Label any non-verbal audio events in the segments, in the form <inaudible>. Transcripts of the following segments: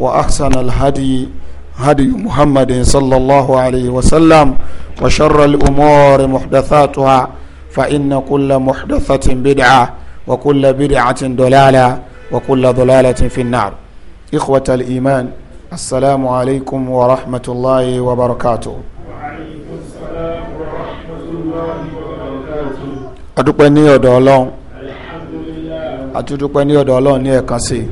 وأحسن الهدي هدي محمد صلى الله عليه وسلم وشر الأمور محدثاتها فإن كل محدثة بدعة وكل بدعة ضلالة وكل ضلالة في النار إخوة الإيمان السلام عليكم ورحمة الله وبركاته وعليكم السلام ورحمة الله وبركاته أدوكني أدولون الحمد لله أدوكني أدولون نيكاسي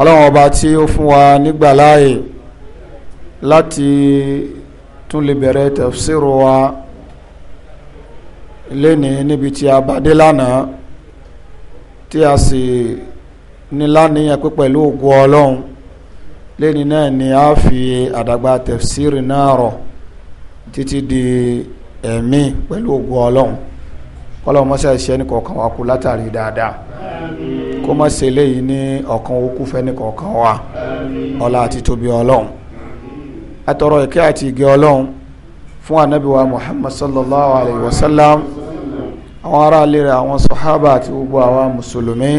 ọlọ́run ọba tí ó fún wa nígbà láàyè láti tún lè bẹ̀rẹ̀ tafsiru wa lénìí níbi tí a bá dé lánàá tí a sì ní láníyàn pé pẹ̀lú ògùn ọlọ́run lénìí náà ni a fi àdàgbà tafsiri náà rọ̀ títí di ẹ̀mí pẹ̀lú ògùn ọlọ́run kọ́lọ́mọṣẹ́ ìṣẹ́ ní kọ̀ọ̀kan wa kú látàrí dáadáa kó má ṣe eléyìí ní ọ̀kan okú fẹ́ni kọ̀ọ̀kan wa ọlá àti tóbi ọlọ́run atọrọ ìkẹ́ àti ìgẹ́ ọlọ́run fún anabi wa muhammad sallallahu alayhi wa sallam àwọn aráalé rẹ̀ àwọn sọ̀hábà àti gbogbo àwa mùsùlùmí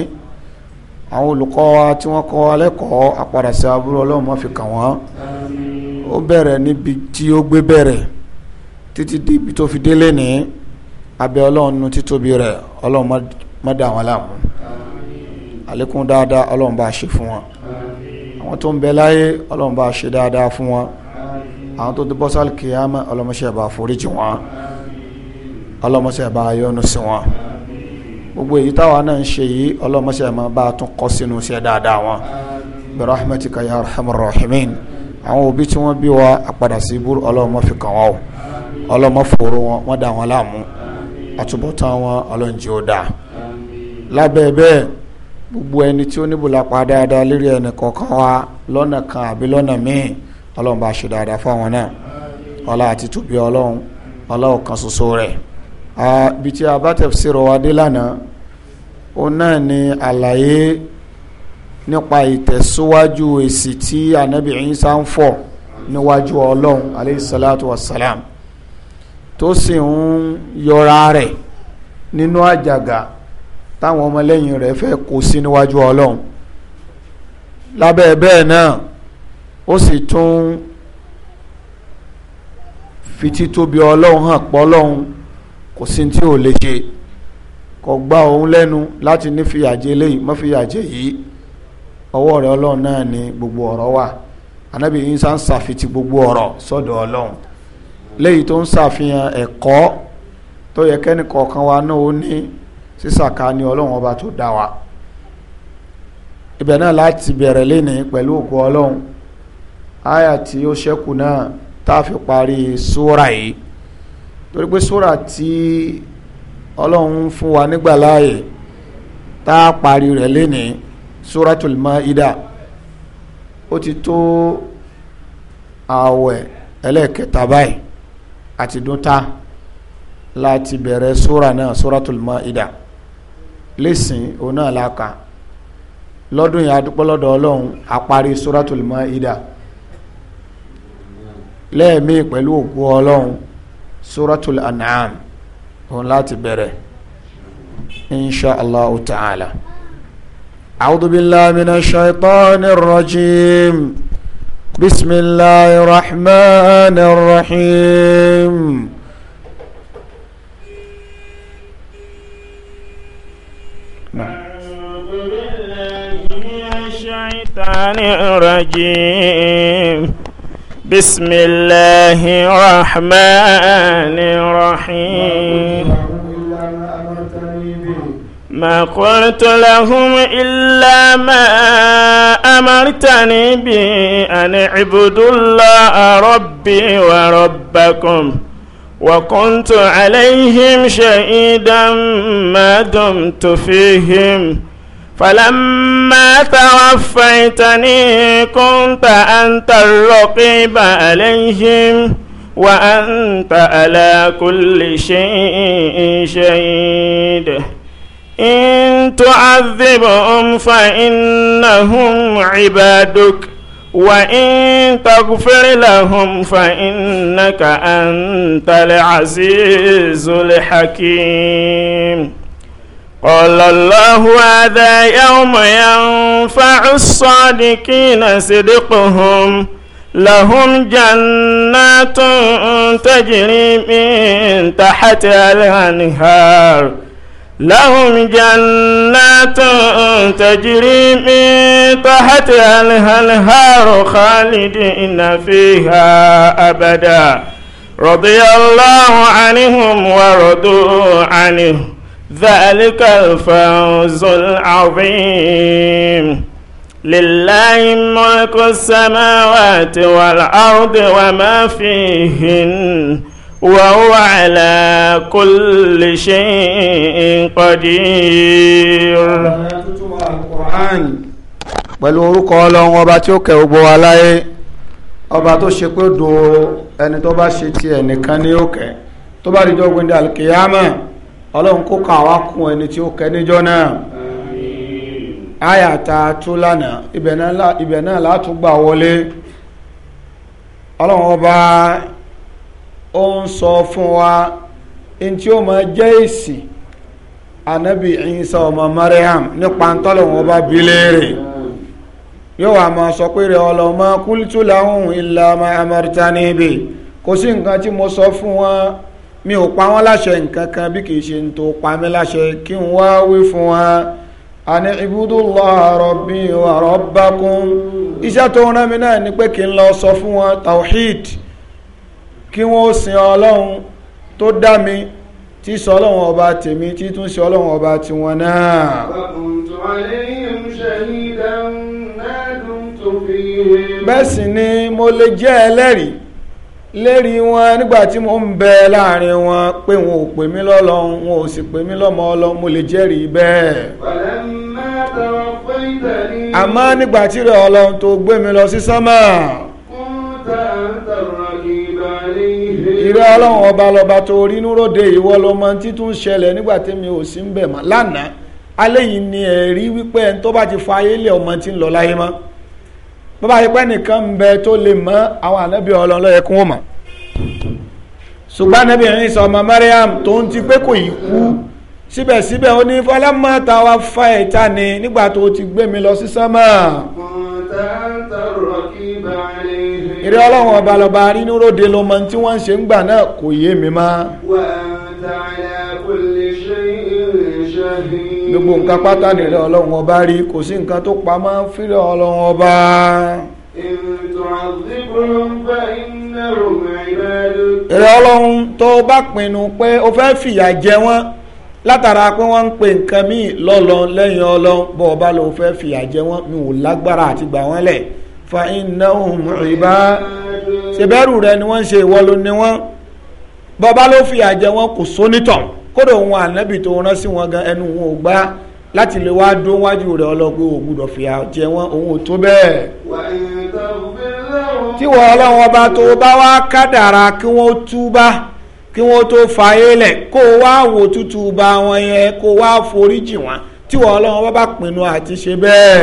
àwọn olùkọ́ wa tí wọ́n kọ́ wa lẹ́kọ̀ọ́ àpadà sí aburú ọlọ́run má fi kàn wọ́n ó bẹ̀rẹ̀ níbi tí ó gbé bẹ̀rẹ̀ títí débi tó fi délé ní abẹ́ ọlọ́run nu títóbi rẹ̀ ọlọ́run má dà wọ́n láàmú àlékún dáadáa ọlọ́run bá ṣe fún wọn àwọn tó ń bẹ láyé ọlọ́run bá ṣe dáadáa fún wọn àwọn tó ti bọ́ sálì kìyàmẹ́ ọlọ́mọṣẹ́ bá foríjì wọn ọlọ́mọṣẹ́ bá yọ́nú sí wọn gbogbo èyí táwa náà ń ṣe yìí ọlọ́mọṣẹ́ máa bá tún kọ́ sínú iṣẹ́ dáadáa wọn bi rahmatika ya arhamar rahimin àwọn òbí tí wọ́n bí wa àpadà sí ibú ọlọ́mọ fi kàn wọ́n o ọlọ́mọ fòrò wọn wọ́n dà wọn láàmú àtúbọ̀tán wọn ọlọ́njì ó dáa lábẹ́ bẹ́ẹ̀ gbogbo ẹni tí ó níbùlà pa dáadáa lérí ẹnì kọ̀ọ̀kan wa lọ́nà kan àbí lọ́nà míì ọlọ́run bá ṣe dáadáa fáwọn náà ọlá àti tùbí ọlọ́run ọlọ́run kan ṣoṣo rẹ̀ ibi tí a bá tafsir wa dé lánàá ó náà ni àlàyé nípa ìtẹ̀síwájú èsì tí anabi Isa ń fọ̀ níwájú ọlọ́run aleyhi salatu wa salam tó sì ń yọra rẹ̀ nínú àjàgà. No táwọn ọmọlẹ́yìn rẹ̀ fẹ́ kó sí níwájú ọlọ́run lábẹ́ bẹ́ẹ̀ náà ó sì tún fi títóbi ọlọ́run hàn pọ́ ọlọ́run kò sí tí ò lè ṣe kò gbá òun lẹ́nu láti ní fìyàjẹ eléyìí má fìyàjẹ yìí ọwọ́ rẹ̀ ọlọ́run náà ni gbogbo ọ̀rọ̀ wà anábì Ìsá ń ṣàfitì gbogbo ọ̀rọ̀ sọ́dọ̀ ọlọ́run léyìí tó ń ṣàfihàn ẹ̀kọ́ tó yẹ kẹ́nìkọ̀ọ̀kan wa náà ó ní sísàká ní ọlọ́run ọba tó dá wa ibẹ̀ náà láti bẹ̀rẹ̀ léni pẹ̀lú òkú ọlọ́run àyà tí ó ṣẹ́kù náà tá a fi parí sóra yìí torí pé sóra tí ọlọ́run fún wa nígbà láàyè tá a parí rẹ̀ léni suratul maida ó ti tó ààwẹ̀ ẹlẹ́ẹ̀kẹta báyìí àti dúntà láti bẹ̀rẹ̀ sóra náà suratul maida lẹ́sìn òun náà la kà lọ́dún yìí adúpọ́ lọ́dọ̀ ọlọ́run àparí suratul Maida lẹ́ẹ̀mí pẹ̀lú òkú ọlọ́run suratul An'am òun láti bẹ̀rẹ̀ insha allah ta'ala. أعوذ بالله من الشيطان الرجيم بسم الله الرحمن الرحيم الشيطان الرجيم بسم الله الرحمن الرحيم ما قلت لهم إلا ما أمرتني به أن اعبدوا الله ربي وربكم وكنت عليهم شهيدا ما دمت فيهم فلما توفيتني كنت أنت الرقيب عليهم وأنت على كل شيء شهيد إن تعذبهم فإنهم عبادك وإن تغفر لهم فإنك أنت العزيز الحكيم قال الله هذا يوم ينفع الصادقين صدقهم لهم جنات تجري من تحتها الأنهار لهم جنات تجري من تحتها الأنهار خالدين فيها أبدا رضي الله عنهم ورضوا عنه ذلك الفوز العظيم لله ملك السماوات والأرض وما فيهن وهو على كل شيء قدير pẹ̀lú orúkọ ọlọ́run ọba tí ó kẹ́ gbogbo wa láyé ọba tó ṣe pé do ẹni tó bá ṣe tiẹ̀ nìkan ní òkè tó bá rí jọ́gbìn dàlùkìyàmọ̀ ọlọ́run kó kà wá kún ẹni tí ó kẹ níjọ́ náà àyàtà tó lánàá ibẹ̀ náà gbà wọlé ọlọ́run ọba ó sọ fún wa in tí ó máa jẹ́ anabi Isa ọmọ Mariam nípa ń ọba bí léèrè yóò wà máa sọ pé rẹ ọlọ́mọ kúlítù kò sí sọ fún wọn mi ò pa wọ́n láṣẹ nǹkan kan bí kìí ṣe ń tó pa mí láṣẹ kí n wá wí fún wa àní ibudullaha rabbi wa rabbakum iṣẹ́ tó rán mi náà ni pé kí n lọ sọ fún wọn tawhid kí wọ́n sin ọlọ́run tó dá mi tí sọ ọlọ́run ọba tèmi tí tún sọ ọlọ́run ọba tiwọn náà. bẹ́ẹ̀ sì ni mo lè jẹ́ ẹlẹ́rìí lérí wọn nígbà tí mo ń bẹ láàrin wọn pé wọn ò pè mí lọ́lọ́run wọn ò sì pè mí lọ́mọ Ọlọ́run mo lè jẹ́rìí bẹ́ẹ̀. àmọ́ nígbà tí rẹ̀ Ọlọ́run tó gbé mi lọ sí sánmà. ìrẹ́ Ọlọ́run ọba lọ́ba tó rí núròde ìwọ ló mọ títún ṣẹlẹ̀ nígbà tí mi ò sí ń bẹ̀ mọ́ lánàá alẹ́ yìí ni ẹ̀rí wípé ẹni tó bá ti fa ayé lẹ̀ ọmọ tí ń lọ láyé mọ́ bàbá yìí pẹ́ nìkan ń bẹ tó lè mọ àwọn ànábì ọlọ́run lọ́yẹ kún ó mọ̀ ṣùgbọ́n ànábì yìí sọ ọmọ Mariam tó ń ti pé kò yí kú síbẹ̀síbẹ̀ ó ní fọlọ́mọ ta wa fa ẹ̀ta ni nígbà tó ti gbé mi lọ sí sánmà. ìrẹ́ ọlọ́run ọba lọ́ba rínú ló mọ tí wọ́n ń ṣe ń gbà náà kò yé mi má. gbogbo nǹkan pátá nìrẹ ọlọ́run ọba rí kò sí nǹkan tó pa máa ń fírẹ ọlọ́run ọba. èrè ọlọ́run tó bá pinnu pé o fẹ́ fìyà jẹ wọ́n látara pé wọ́n ń pe nǹkan míì lọ́lọ́ lẹ́yìn ọlọ́run bó o bá lọ fẹ́ fìyà jẹ wọ́n mi ò lágbára àti gbà wọ́n lẹ̀ fa iná ohun ìbá ṣe bẹ́rù rẹ ni wọ́n ń ṣe ìwọ́lu ni wọ́n bó bá lọ fìyà jẹ wọ́n kò sónítàn. So kódò wọn ànábì tó rán sí wọn gan ẹnu wọn ò gbà láti lè wá dó wájú rẹ̀ ọlọ́gbé ò gbúdọ̀ fìyà jẹ wọn òun ò tó bẹ́ẹ̀. tí wọ́n ọlọ́wọ́n bá tó bá wá kádàrá kí wọ́n túbá kí wọ́n tó fààyè lẹ̀ kó wá wò tútù bá wọn yẹn kó wá foríjì wọn tí wọ́n ọlọ́wọ́n bá pinnu àti ṣe bẹ́ẹ̀.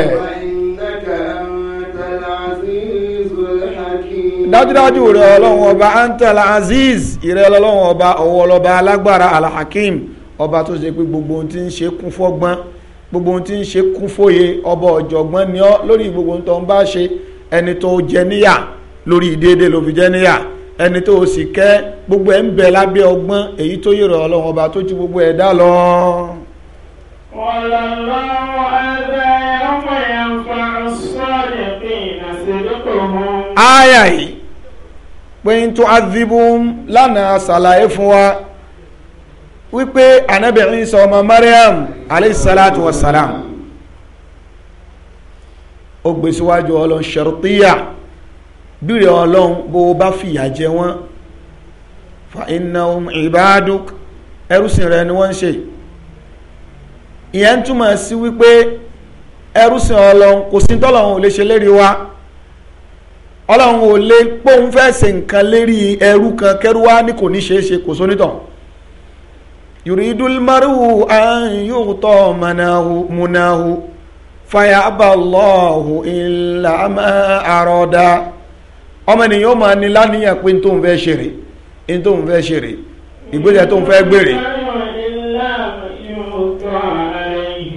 dájúdájú rẹ ọlọ́run ọba antel aziz ìrẹ ọlọ́run ọba ọwọ́ ọlọ́ba alágbára alhakim ọba tó ṣe pé gbogbo ohun tí ń ṣe kún fọ́gbọ́n gbogbo ohun tí ń ṣe kún fóye ọba ọ̀jọ̀gbọ́n ni ọ́ lórí gbogbo ohun tó ń bá ṣe ẹni tó jẹ níyà lórí ìdéédé ló fi jẹ níyà ẹni gbogbo ẹ̀ ń bẹ lábẹ́ ọgbọ́n èyí tó yẹ̀rọ ọlọ́run ọba tó gbogbo pé n tó adìbùn lánàá ṣàlàyé fún wa wípé anabi Isa ọmọ Mariam alayhi salatu wa salam ó gbé síwájú ọlọ́run ṣẹ̀rọ̀tíyà bírí ọlọ́run bó bá fìyà jẹ wọ́n fa innahum ibaduk ẹrúsìn rẹ ni wọ́n ṣe ìyẹn túmọ̀ sí wípé ẹrúsìn ọlọ́run kò sí tọ́lọ́run ò lè ṣe lérí wa ọlọ́run ò lè póun fẹ́ ṣe nǹkan lérí ẹrú kan kẹrú wá ní kò ní ṣeé ṣe kò sónítàn yuridulmaru an yuto manahu munahu fayaba allahu illa ma aroda ọmọ ènìyàn máa ní láníyàn pé tó ń fẹ́ ṣeré tó ń fẹ́ ṣeré ìgbésẹ̀ tó ń fẹ́ gbèrè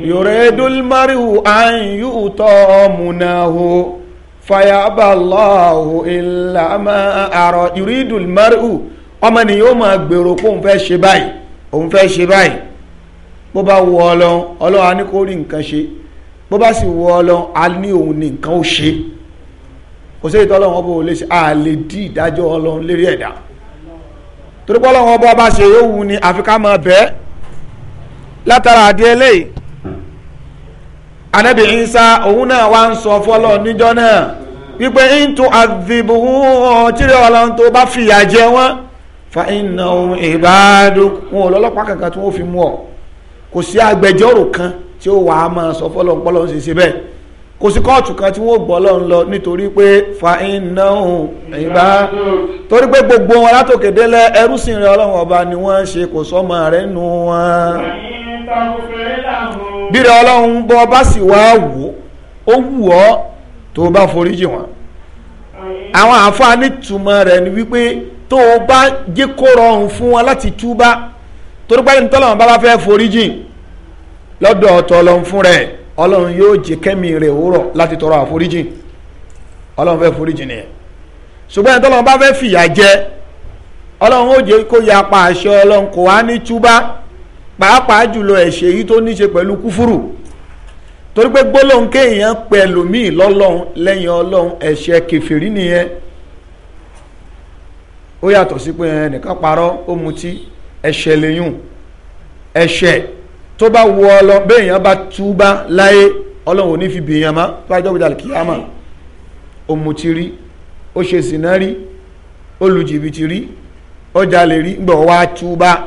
yuridulmaru an yuto fayaba Allahu illa ma ara yuridu almar'u ọmọ nìyẹn ó máa gbèrò pé òun fẹ́ ṣe báyìí òun fẹ́ ṣe báyìí bó bá wù Ọlọ́run Ọlọ́run á ní kó rí nǹkan ṣe bó bá sì wù Ọlọ́run á ní òun ní nǹkan ó ṣe kò sí ìtọ́ Ọlọ́run ọba lè ṣe à lè dí ìdájọ́ Ọlọ́run lérí ẹ̀dá torí pé Ọlọ́run ọba bá ṣe yóò wù ní àfi máa bẹ́ẹ̀ látara àdé eléyìí anabi isa òun náà wá ń sọ fọlọ níjọ náà wípé into azibuhu tíre ọlọ́run tó bá fìyà jẹ wọ́n fa iná ohun ìbádùn wọn ò lọ́lọ́pàá kankan tí wọ́n fi mú ọ kò sí agbẹjọ́rò kan tí ó wàá máa sọ fọlọ ńpọlọ ń ṣe ṣe bẹ́ẹ̀ kò sí kóòtù kan tí wọ́n gbọ́ lọ́n lọ nítorí pé fa iná òun ìbá torí pé gbogbo wọn látòkè délẹ̀ ẹrúsìn rẹ ọlọ́run ọba ni wọ́n ń ṣe kò sọ́mọ rẹ̀ nù wọn. bí rẹ ọlọ́run bọ́ bá sì wá wò ó wù ọ́ tó bá foríjì wọn. àwọn àǹfààní túmọ̀ rẹ̀ ni wípé tó o bá jẹ́ kó rọrùn fún wọn láti túbá torí pé ní tọ́lọ́run bá bá fẹ́ foríjì lọ́dọ̀ ọ̀tọ̀ lọ́n fún rẹ̀ ọlọ́run yóò jẹ kẹ́mi rẹ̀ òwúrọ̀ láti tọrọ àforíjìn ọlọ́run fẹ́ foríjìn nìyẹn ṣùgbọ́n ẹni tọ́lọ́run bá fẹ́ fìyà jẹ ọlọ́run ó jẹ kó ya pa àṣẹ ọlọ́run kò wá ní túbá pàápàá jùlọ ẹ̀ṣẹ̀ yìí tó níṣe pẹ̀lú kúfúrù torí pé gbólóhùn kéèyàn pẹ̀lú míì lọ́lọ́run lẹ́yìn ọlọ́run ẹ̀ṣẹ̀ kẹfìrí nìyẹn ó yàtọ̀ sí pé ẹnìkan parọ́ ó mutí ẹ̀ṣẹ̀ lẹ́yìn ẹ̀ṣẹ̀ tó bá wọ ọ lọ bẹ́ẹ̀ yẹn bá túbá láyé ọlọ́run ní fi bìyàn má tó bá jọ́ ṣe sìnà rí rí rí wá túbá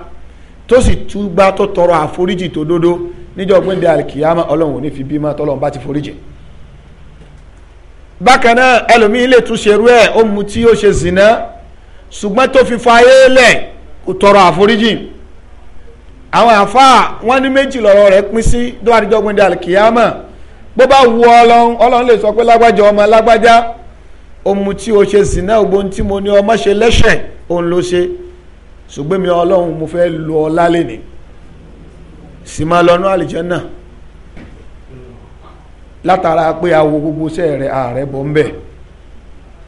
tó sì túbá tó tọrọ àforíjì tó dodo níjọ́ gbèdà kìyàmà ọlọ́run ní fi bí má ti foríjì bákan náà ẹlòmíín lè tún ṣerú ẹ̀ ṣe sìnà ṣùgbọ́n tọrọ àforíjì àwọn àfáà wọ́n ní méjì lọ́rọ̀ rẹ̀ pín sí dọ́wádìjọ́gbìn dàlù kìyàmà bó bá wu ọlọ́run ọlọ́run lè sọ pé lágbájá ọmọ lágbájá ohun tí o ṣe sì náà gbóhun tí mo ní ọmọ ṣe lẹ́ṣẹ̀ òun ló ṣe ṣùgbọ́n mi ọlọ́run mo fẹ́ lo ọlá lẹ́nìí sì máa lọ́nà àlìjẹ́nà látara pé awo gbogbo iṣẹ́ rẹ̀ ààrẹ bọ̀ ń bẹ̀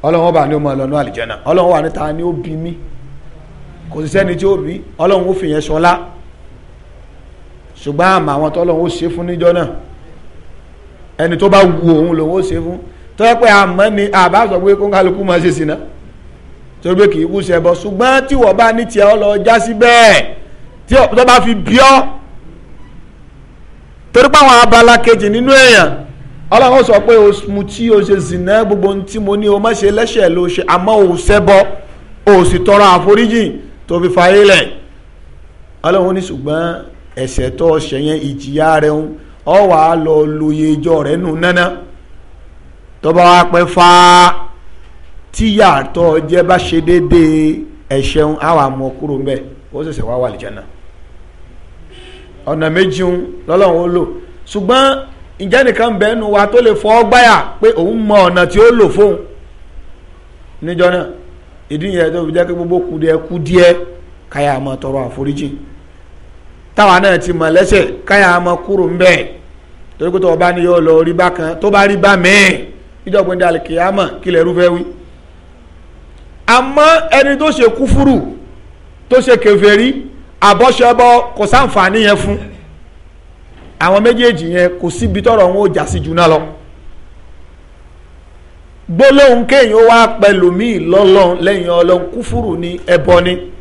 ọlọ́run ọba ni ó máa lọ́nà àlìjẹ́nà ọlọ́run wà níta ni ó bí mi kò sí sẹ́ni tí ó bí ọlọ́run ó fìyẹn ṣọlá ṣùgbọ́n àmà àwọn tọ́lọ́hún ó ṣe fún níjọ́ náà ẹni tó bá wu òun lòun ó ṣe fún tọ́wọ́ pé àmọ́ ni àbá sọ pé kóńkálukú máa ṣe sìnà torí pé kì í kú ṣẹbọ ṣùgbọ́n tí wọ́n bá ní tiẹ̀ ọ lọ já sí bẹ́ẹ̀ tí wọ́n bá fi bí torí pé àwọn abala kejì nínú èèyàn ọlọ́run sọ pé o mu tí o ṣe sìnà gbogbo ohun tí mo ní o má ṣe lẹ́ṣẹ̀ ló ṣe àmọ́ o ṣẹbọ o sì tọrọ àforíjì tó fi fa ilẹ̀ ọlọ́run ní ṣùgbọ́n ẹ̀ṣẹ̀ tó ṣẹ̀ yẹn ìjìyà rẹ̀ ń ọ wà á lọ lóye ijọ́ rẹ̀ nù nánà tọ́ba wa pẹ́ fa tíyà tó jẹ́ bá ṣe déédéé ẹ̀ṣẹ̀ ń á wà mọ́ kúrò ń bẹ̀ ó ṣẹ̀ṣẹ̀ wá wà lìjànà ọ̀nà méjì ń lọ́lọ́run ó lò ṣùgbọ́n ìjẹ́ nìkan bẹ́ẹ̀ nu wa tó lè fọ́ gbáyà pé òun mọ ọ̀nà tí ó lò fóun níjọ náà ìdí yẹn tó fi jẹ́ pé gbogbo kùdìẹ̀ kùdìẹ̀ káyà máa tọrọ àforíjì táwa náà ti mọ̀ lẹ́sẹ̀ káyà mọ kúrò ń bẹ̀ torí pé tó bá ní yóò lọ rí bá kan tó bá rí bá mẹ́ẹ̀ ìjọgbọ́n dàlẹ́ kìyàmọ̀ kílẹ̀ rúfẹ́ wí. àmọ́ ẹni tó ṣe kúfúrù tó ṣe kèfèrí àbọ̀ṣẹbọ kò sáǹfààní yẹn fún àwọn méjèèjì yẹn kò síbi tọrọ wọn ò jà sí jù náà lọ gbólóhùn kéèyàn wá pẹ̀lú míì lẹ́yìn ọlọ́run kúfúrù ní ẹbọ ni. Ebony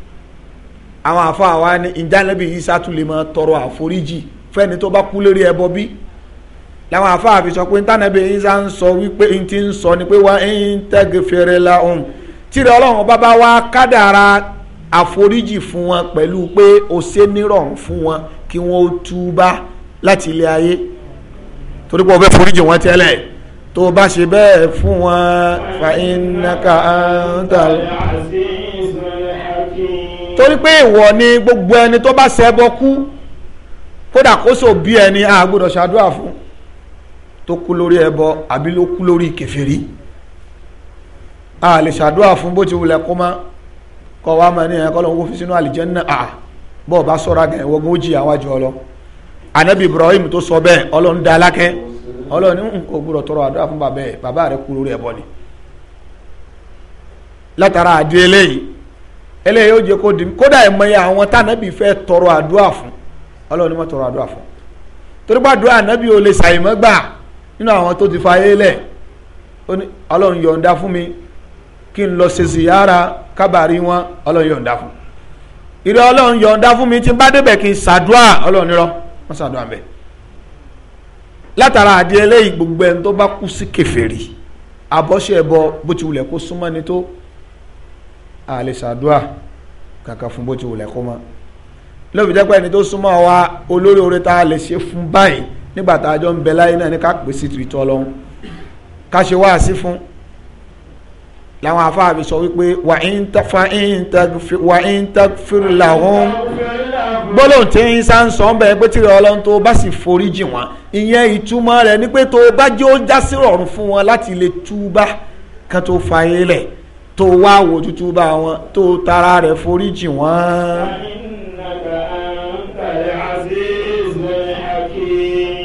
àwọn àfa wa ni ìjánabi Ìsá tún lè máa tọrọ àforíjì fẹ́ni tó bá kú lórí ẹbọ bí làwọn àfa àfi sọ pé ntànàbí Ìsá ń sọ wípé n ti ń sọ ni pé wá ń tẹ́gẹ̀ fèrè la òun tíra ọlọ́run bàbá wa kádàrá àforíjì fún wọn pẹ̀lú pé o ṣe nírọ̀rùn fún wọn kí wọ́n túbá láti ilé ayé torí pé o fẹ́ foríjì wọn tẹ́lẹ̀ tó bá ṣe bẹ́ẹ̀ fún wọn fa iná ká ń tà lọ. torí pé ìwọ ni gbogbo ẹni tó bá ṣẹbọ kú kódà kó so bí ẹni a gbọ́dọ̀ ṣàdúrà fún tó kú lórí ẹbọ àbí ló kú lórí kèfèrí a lè ṣàdúrà fún bó ti wulẹ̀ kó má kọ wá mọ ní ẹ kọ́ ló fi sínú bọ́ọ̀ bá ọlọ anabi Ibrahim tó sọ bẹ́ẹ̀ ọlọ́run alákẹ́ ọlọ́run kò tọrọ àdúrà fún bàbá eléyìí ó jẹ́ kó di kódà ìmọ̀ye àwọn tànàbí fẹ tọrọ àdúrà fún ọlọ́run ni wọ́n tọrọ àdúrà fún torí bá àdúrà ò lè gbà nínú àwọn tó ti fa ayé lẹ̀ ọlọ́run yọ̀ǹda fún mi kí n lọ ṣe ziyara kábàárí wọn ọlọ́run yọ̀ǹda fún ìrẹ́ ọlọ́run yọ̀ǹda fún mi tí n bá débẹ̀ kí n ṣàdúrà ọlọ́run nírọ́ wọ́n ṣàdúrà bẹ́ẹ̀ látara àdìẹ gbogbo ẹni tó bá kú sí àlè ṣàdúà kàkà fún bó ti wùlẹ̀ kó mọ́ lóbi jẹ́ pé ẹni tó súnmọ́ wa olórí oore tá a lè ṣe fún báyìí nígbà tá a jọ ń bẹ láyé náà ní ká pè sí tìrìtọ́ lọ́hún ká ṣe wá sí fún làwọn afáàbí sọ wípé wà ń tafa ń làwọn gbólóhùn tí ń sá sọ ń pé tí ọlọ́run tó bá sì forí jì wọ́n ìyẹn ìtumọ̀ rẹ̀ ni pé tó bá jẹ́ ó já sí rọ̀rùn fún wọn láti lè túbá kan tó fa ilẹ̀ tó wá wò tútù bá wọn tó tara rẹ̀ foríjì wọ́n.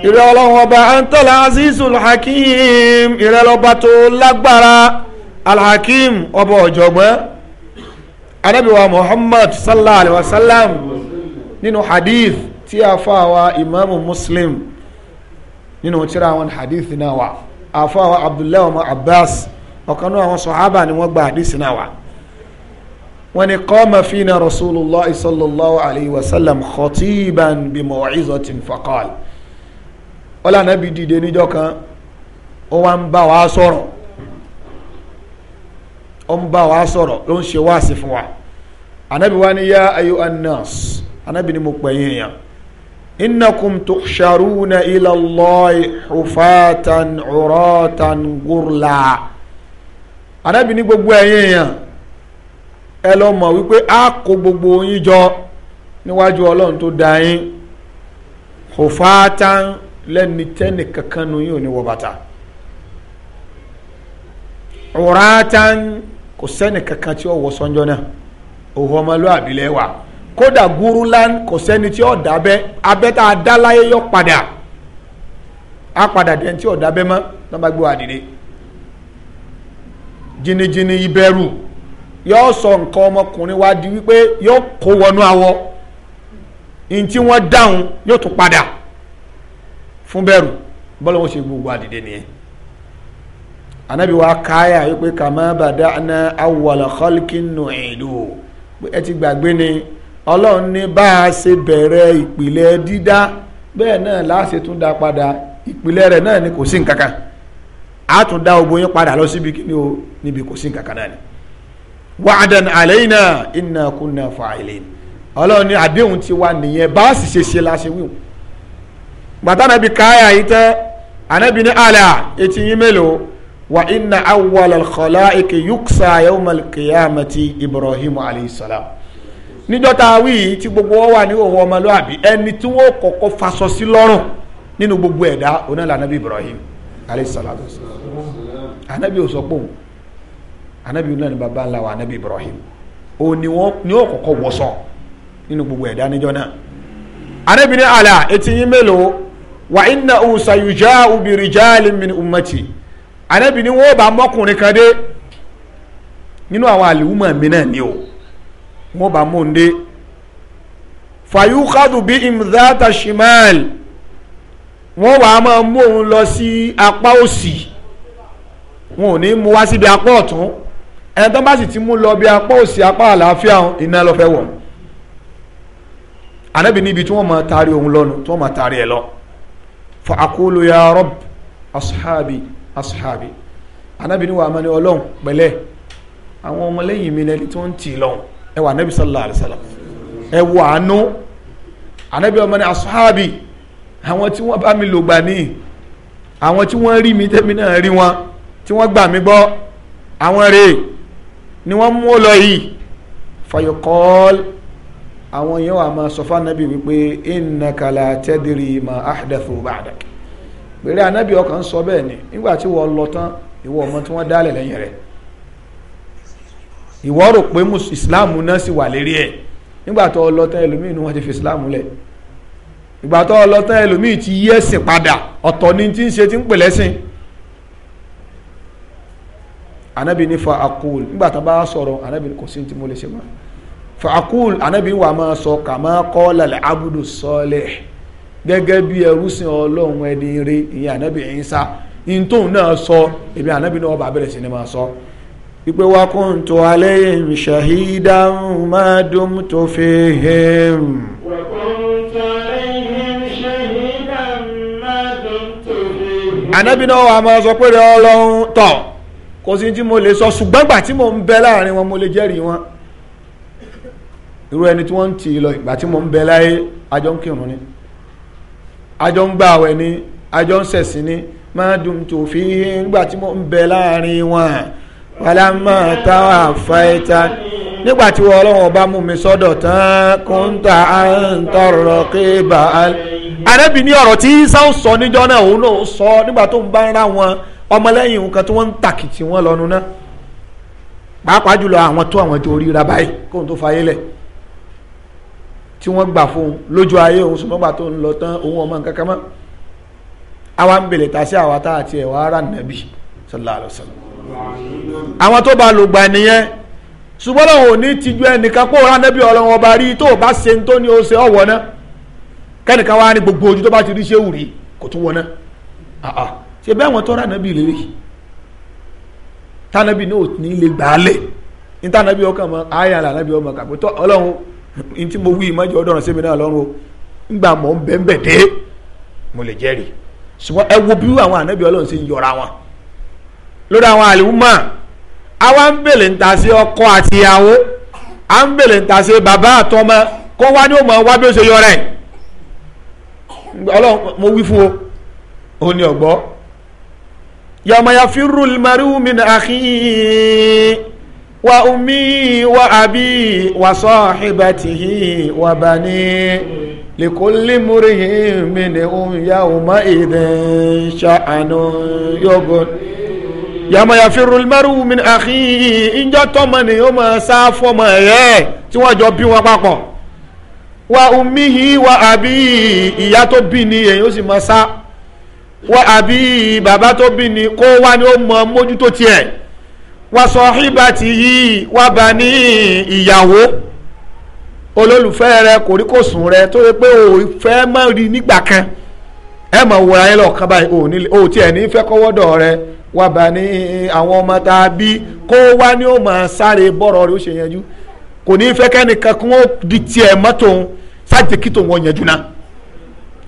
ìrẹ́ ọlọ́run ọba antal azizul hakim ìrẹ́ lọ́ba tó lágbára alhakim ọba ọ̀jọ̀gbọ́n anabiwa muhammad sallallahu alaihi wasallam nínú hadith tí a fa wa imaamu muslim nínú tírà wọn hadith náà wa a fa wa abdullahi wa abbas ọ̀kan náà àwọn sọ̀hábà ni wọ́n gba àdìsí náà wá wọ́n ní qama fina rasulullah sallallahu alayhi wa sallam khatiban bi maw'izatin faqal wọ́n lànà bí dìde níjọ́ kan ó wá ń bá wa sọ̀rọ̀ ó ń bá wa sọ̀rọ̀ ló ń ṣe wáàsí fún wa anabi wa ni ya ayu annas anabi ni mo pè yín yàn innakum tuhsharuna ila hufatan uratan gurla anábì ní gbogbo ẹ̀yin èèyàn ẹ lọ mọ̀ wípé a kó gbogbo yín jọ níwájú ọlọ́run tó dá yín kò fàátán lẹ́ni tẹ́nì kankan nu yín ò ní wọ bàtà ọ̀rátán kò sẹ́nì kankan tí ó wọ sọ́njọ́ náà òhun ọmọlúwàbí lẹ́wà kódà gúrúlán kò sẹ́ni tí ó dábẹ́ abẹ́ tá yọ padà á padà dẹ́n tí ó dábẹ́ mọ́ lọ́ba gbé wa dìde jìnnìjìnnì ìbẹ̀rù yóò sọ nǹkan ọmọkùnrin wa di wípé yóò kó wọnú awọ ní tí wọ́n dáhùn yóò tún padà fún bẹ̀rù bọ́lá wọn ṣe gbogbo àdìde nìyẹn anabi wa kaaya wípé kàmá bàdá ana awwala khalqin nu'idu ẹ ti gbàgbé ni ọlọ́run ní bá a ṣe bẹ̀rẹ̀ ìpìlẹ̀ dídá bẹ́ẹ̀ náà láṣẹ tún dá padà ìpìlẹ̀ rẹ̀ náà ni kò sí nǹkan kan a tún dá ogun yín padà lọ síbi kí ni o níbi kò sí nǹkan kan náà ni. wa'dan alayna inna kunna fa'ilin ọlọ́run ní àdéhùn ti wá nìyẹn bá a sì ṣe ṣe la wíwò. gbàtà nàbí káyà yìí tẹ́ ànábì ní àlà etí yín mélòó wa inna awwalal khalaiki yuksa yawmal qiyamati ibrahim alayhi níjọ́ tá a wí tí gbogbo wọn wà ní òun ọmọlúwàbí ẹni tí wọ́n kọ́kọ́ faṣọ sí lọ́rùn nínú gbogbo ẹ̀dá onílànà bíi ibrahim alayhi anabi ò sọ pé òun anabi náà ni baba ńlá wa anabi Ibrahim òun ni wọn ni ó kọ́kọ́ wọsọ nínú gbogbo ẹ̀dá níjọ́ náà anabi ní àlà etí yín mélòó wa inna usayuja ubirijalin min ummati anabi ni wọn bá mọkùnrin kan dé nínú àwọn àlùmọ̀ mi náà ni o wọn bá mú un dé fàyúkàdù bí imzata shimal wọn wàá máa mú òun lọ sí apá òsì wọn ò ní mú wá síbi apá ọ̀tún ẹni tó bá sì ti mú lọ bí apá òsì apá àlàáfíà iná lọ fẹ́ wọ̀ ànábì níbi tí wọ́n máa taari òun lọ́nu tí wọ́n máa taari ẹ̀ lọ fa aqulu ya Rabb ashabi ashabi ànábì ní wàá mọ ní ọlọ́run pẹ̀lẹ́ àwọn ọmọlẹ́yìn mi nẹni tí wọ́n ń tì ẹ wà ànábì sallallahu alayhi ẹ wọ àánú ànábì ọmọ ní ashabi àwọn tí wọ́n bá mi lògbà ní àwọn tí wọ́n rí mi tẹ́mi náà rí wọn tí wọ́n gbà mí gbọ́ àwọn rèé ni wọ́n mú ó lọ yìí fayokọ́ọ́l àwọn yẹn wà máa sọ fánábì wípé innaka la tadri ma ahdathu ba'dak pèrè ànábì ọkàn sọ bẹ́ẹ̀ ni nígbà tí wọ́n lọ tán ìwọ ọmọ tí wọ́n dálẹ̀ lẹ́yìn rẹ̀ ìwọ rò pé ìsìláàmù náà sì wà lérí ẹ̀ nígbà tó lọ tán ẹlòmíì ni wọ́n ti fi ìsìláàmù lẹ̀ ìgbà tó lọ tán ẹlòmíì ti yí padà ọ̀tọ̀ ni ti ń ṣe ti ń pè lẹ́sìn anabi ni fa akul nígbà tá a bá anabi kò sí mo lè fa akul anabi abudu sọ́lẹ̀ gẹ́gẹ́ bí ẹrú sìn ọlọ́run ẹni rí anabi Ìsá in tóun na sọ ebi anabi náà bá ni sọ ipe wa alayhim shahidan ma anabi náà wà sọ pé ọlọrun kò sí tí mo lè sọ ṣùgbọ́n gbà tí mo ń bẹ láàrin wọn mo lè jẹ́rìí wọn irú ẹni tí wọ́n ń tì í lọ ìgbà tí mo ń bẹ láyé àjọ ń kírun ni àjọ ń gbà àwẹ̀ ni àjọ ń ṣẹ̀sìn ni máa dùn tó fi ńgbà tí mo ń bẹ láàrin wọn wàlá máa táwọn àfáìta nígbà tí wọ́n ọlọ́wọ́n bá mú mi sọ́dọ̀ tán kóńtà à ń tọrọ kébà. àrẹ́bì ní ọ̀rọ̀ tí sáà sọ níjọ́ náà òun náà sọ nígbà tó ń bá ń rá wọn ọmọlẹ́yìn nǹkan tí wọ́n ń tàkìtì wọn lọ́nu náà pàápàá jùlọ àwọn tó àwọn tó ríra báyìí kóhun tó fayé lẹ̀ tí wọ́n gbà fún un lójú ayé òun sùmọ́gbà tó ń lọ tán òun ọmọ nǹkan kan mọ́ àwa ń bèlè tàṣí àwa tá àti ẹ̀wà ara nàbì sallallahu alaihi wasallam àwọn tó bá lò gbà nìyẹn ṣùgbọ́n lọ́wọ́ ò ní tijú ẹnìkan kó ra nàbì ọlọ́wọ́n ọba rí tó o bá ṣe tó ní o ọ̀wọ́ náà kẹ́nìkan wá ní gbogbo ojú tó bá ti rí ṣéwù rí kò tún wọ náà ṣe bẹ́ẹ̀ wọn tọ́ra nàbí lérè tànàbí náà ní lè gbàálẹ̀ ní tànàbí ọkàn mọ àyà là nàbí ọmọ kàpẹ́ tọ́ ọlọ́run ní tí mo wí ma ọdọ́run sí mi náà lọ́rùn o ńgbà mọ̀ ń bẹ́ẹ̀ bẹ́ẹ̀ dé mo lè jẹ́rìí ṣùgbọ́n ẹ wo bí àwọn ànábì ọlọ́run yọra wọn lórí àwọn àlùmọ́ ń bèlè ń ọkọ àti ìyàwó ń bèlè ń ta sí bàbá àtọmọ kó wá ní òmò wá bí ó ṣe yọra ọlọ́run mo wí yọmọ ya fi rúlù mẹ́rù mi ní àkíyí wa ummi wa abi wa sahibatihi wa bani likulli murihin minhum yawma idhin sha'anun yughni yàmà yàfirù mẹ́rù min akhihi ìjọ tọmọ ni yóò máa sá fọmọ ẹ̀yẹ́ tí wọ́n jọ bí wọn papọ̀ wa ummihi wa abi ìyá tó bí ni èyí ó sì máa sá. àbí bàbá tó bí ni kó wá ní ó mọ mójútó tiẹ̀ wá sọ híbà tí yìí wá bá ní ìyàwó olólùfẹ́ rẹ sùn rẹ tó yẹ pé ò fẹ́ má rí nígbà kan ẹ mọ̀ wòrán yẹn lọ́ọ̀kan báyìí ò tiẹ̀ ní fẹ́ kọ́wọ́dọ̀ rẹ wá bá ní àwọn ọmọ tá a bí kó wá ní ó mọ̀ sáré bọ́rọ̀ rẹ ó ṣe yanjú kò ní fẹ́ kẹ́nìkan kí wọ́n di tiẹ̀ mọ́tò sáàjì kí tòun náà.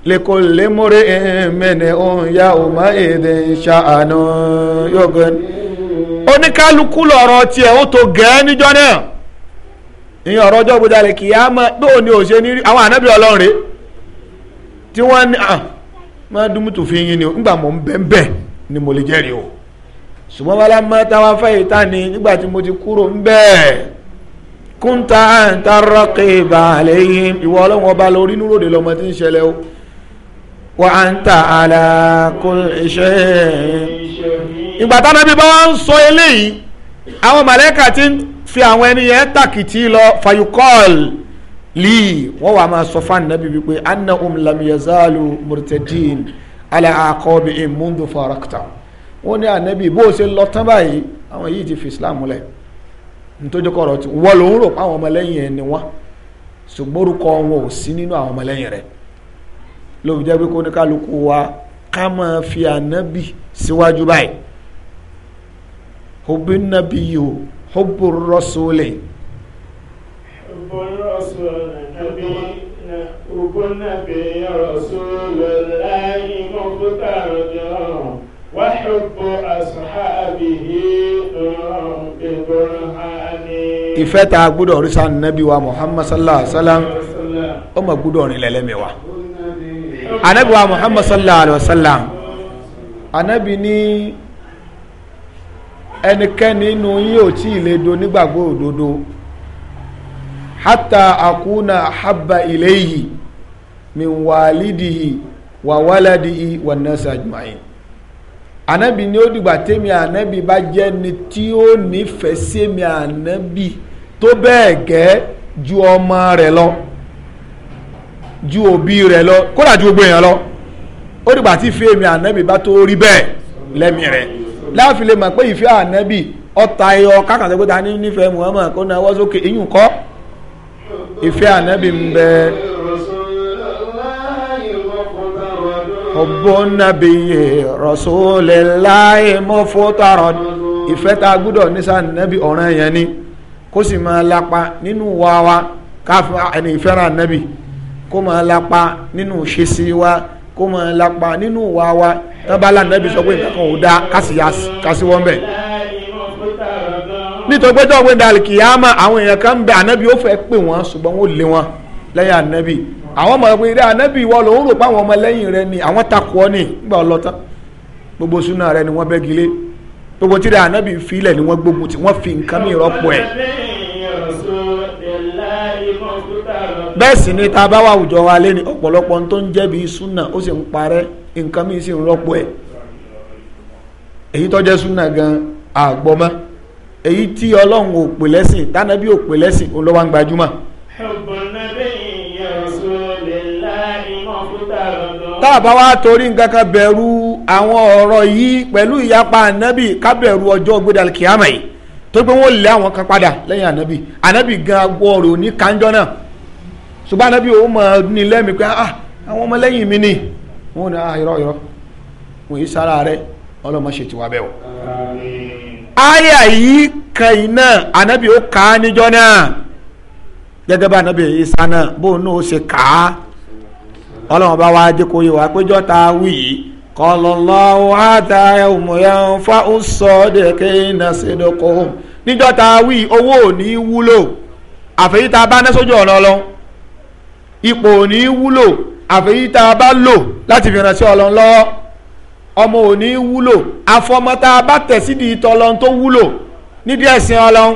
لكل امرئ منهم يومئذ شأن يغني oníkálukú lọ̀rọ̀ tiẹ̀ ó tó gẹ́ẹ́ níjọ́ náà ìyẹn ọ̀rọ̀ ọjọ́ gbọdọ̀ pé òní ò ṣe ní rí àwọn rè tí ní à máa dúmú tó fi ni o ṣùgbọ́n wàhálà máa táwa fẹ́ ni nígbà ah, tí mo ti kúrò ń وأنت على كل شيء ìgbà tí Ànábì bá ń sọ eléyìí àwọn ti ń fi àwọn ẹni yẹn tàkìtì lọ fayukọ́ọ̀lì lii wọ́n wàá máa sọ fún Ànábì wípé annahum lam yazalu murtadin ala aqabihim mundu farakta wọ́n ní Ànábì bó o ṣe lọ tán báyìí àwọn yìí ti fi Islam múlẹ̀ nítorí wọ́n lòún rò pé àwọn ọmọlẹ́yìn ẹ̀ ni wọ́n ṣùgbọ́n ló fi jẹ́ pé kó ní kálukú wa ká máa fi ànábì síwájú báyìí hubbi nabi yìí o hubbu rasuli. hubbu rasuli nabi na hubbu nabi rasulullahi mukhtarun wa hubbu ashabihi ìfẹ́ tá a gbọ́dọ̀ rí sáà nàbí wa muhammad sallallahu alayhi wa sallam ó mà rìn lẹ́lẹ́mìí wa anabi wa muhammad sallallahu alayhi wa sallam anabi ní ẹnikẹ́ni inú yín ò tí ì lè do nígbàgbọ́ òdodo hata akuna habba ilayhi min walidihi wa waladihi wa nasa ajma'in anabi ni ó dìgbà tẹ́mi anabi bá jẹ́ ni tí ó nífẹ̀ẹ́ sẹ́mi anabi tó bẹ́ẹ̀ gẹ́ ju ọmọ rẹ̀ lọ. ju òbí rẹ lọ kódà ju gbogbo lọ ó dìgbà tí ìfẹ́ mi ànábì bá tó rí bẹ́ẹ̀ lẹ́mìí rẹ̀ láàfin lè mọ̀ pé ìfẹ́ ànábì ọta ẹyọ kákàtà Muhammad kó náà wọ́ sókè eyín kọ́ ìfẹ́ ànábì ń bẹ ọ̀bọ̀nàbí rọ̀sọ́lẹ̀láì mọ́fótàrọ̀ ìfẹ́ ta gbúdọ̀ nísà nẹ́bí ọ̀ràn yẹn ni kó sì máa lápa nínú wa wa káfíń ẹni ìfẹ́ràn nẹ́bí kó máa pa nínú ìṣesí wa kó máa pa nínú wa wa tábà lànà ibi sọ pé nǹkan kan ò da kásì wọ́n bẹ̀. nítorí pé tó ń dalí kìyàmà àwọn èèyàn kan ń bẹ ànábì ó fẹ́ pè wọ́n ṣùgbọ́n wọ́n lé wọn lẹ́yìn ànábì àwọn ọmọ ìpínlẹ̀ ànábì ìwọ ló rò pé àwọn ọmọ ni àwọn takò ọ́ nígbà gbogbo súnà ni wọ́n bẹ́gilé gbogbo tí rẹ ni wọ́n gbogbo tí fi nǹkan mìíràn pọ̀ bẹ́ẹ̀ sì ni tá bá wà àwùjọ wa lé ní ọ̀pọ̀lọpọ̀ tó ń jẹ́ súnà ó sì ń parẹ́ nǹkan mi sì ń rọ́pò ẹ̀ èyí tó jẹ́ súnà gan àgbọ́mọ́ èyí tí ọlọ́run ò pè lẹ́sìn tánàbí ò pè lẹ́sìn òun ló wá ń gbajúmọ̀. tá a bá wá torí nǹkan kan bẹ̀rù àwọn ọ̀rọ̀ yìí pẹ̀lú ìyapa ànábì ká bẹ̀rù ọjọ́ gbẹdàlì kìámà yìí tó pé wọ́n lé àwọn kan padà lẹ́yìn ànábì ànábì gan agbó ọ̀rọ̀ òní kanjọ́ náà ṣùgbọ́n anábì òun mọ̀ ní lẹ́mi pé ah àwọn mi ni wọ́n ní ah irọ́ irọ́ wọ́n yìí sára rẹ ọlọ́mọ ṣe ti wá bẹ́ẹ̀ o. àyà yìí kẹyìn náà anábì ó kà á níjọ́ náà gẹ́gẹ́ bá anábì náà bóun náà ó ṣe kà á bá wá péjọ́ ta yìí iná níjọ́ ta owó ò ní wúlò àfẹ́yìntà bá sójú ọ̀nà ipò ò ní wúlò àfẹ́yí tá a bá lò láti fi ránṣẹ́ ọlọ́run lọ́wọ́ ọmọ ò ní wúlò àfọmọ tá a bá tẹ̀ sídìí ìtọ́ ọlọ́run tó wúlò nídìí ẹ̀sìn ọlọ́run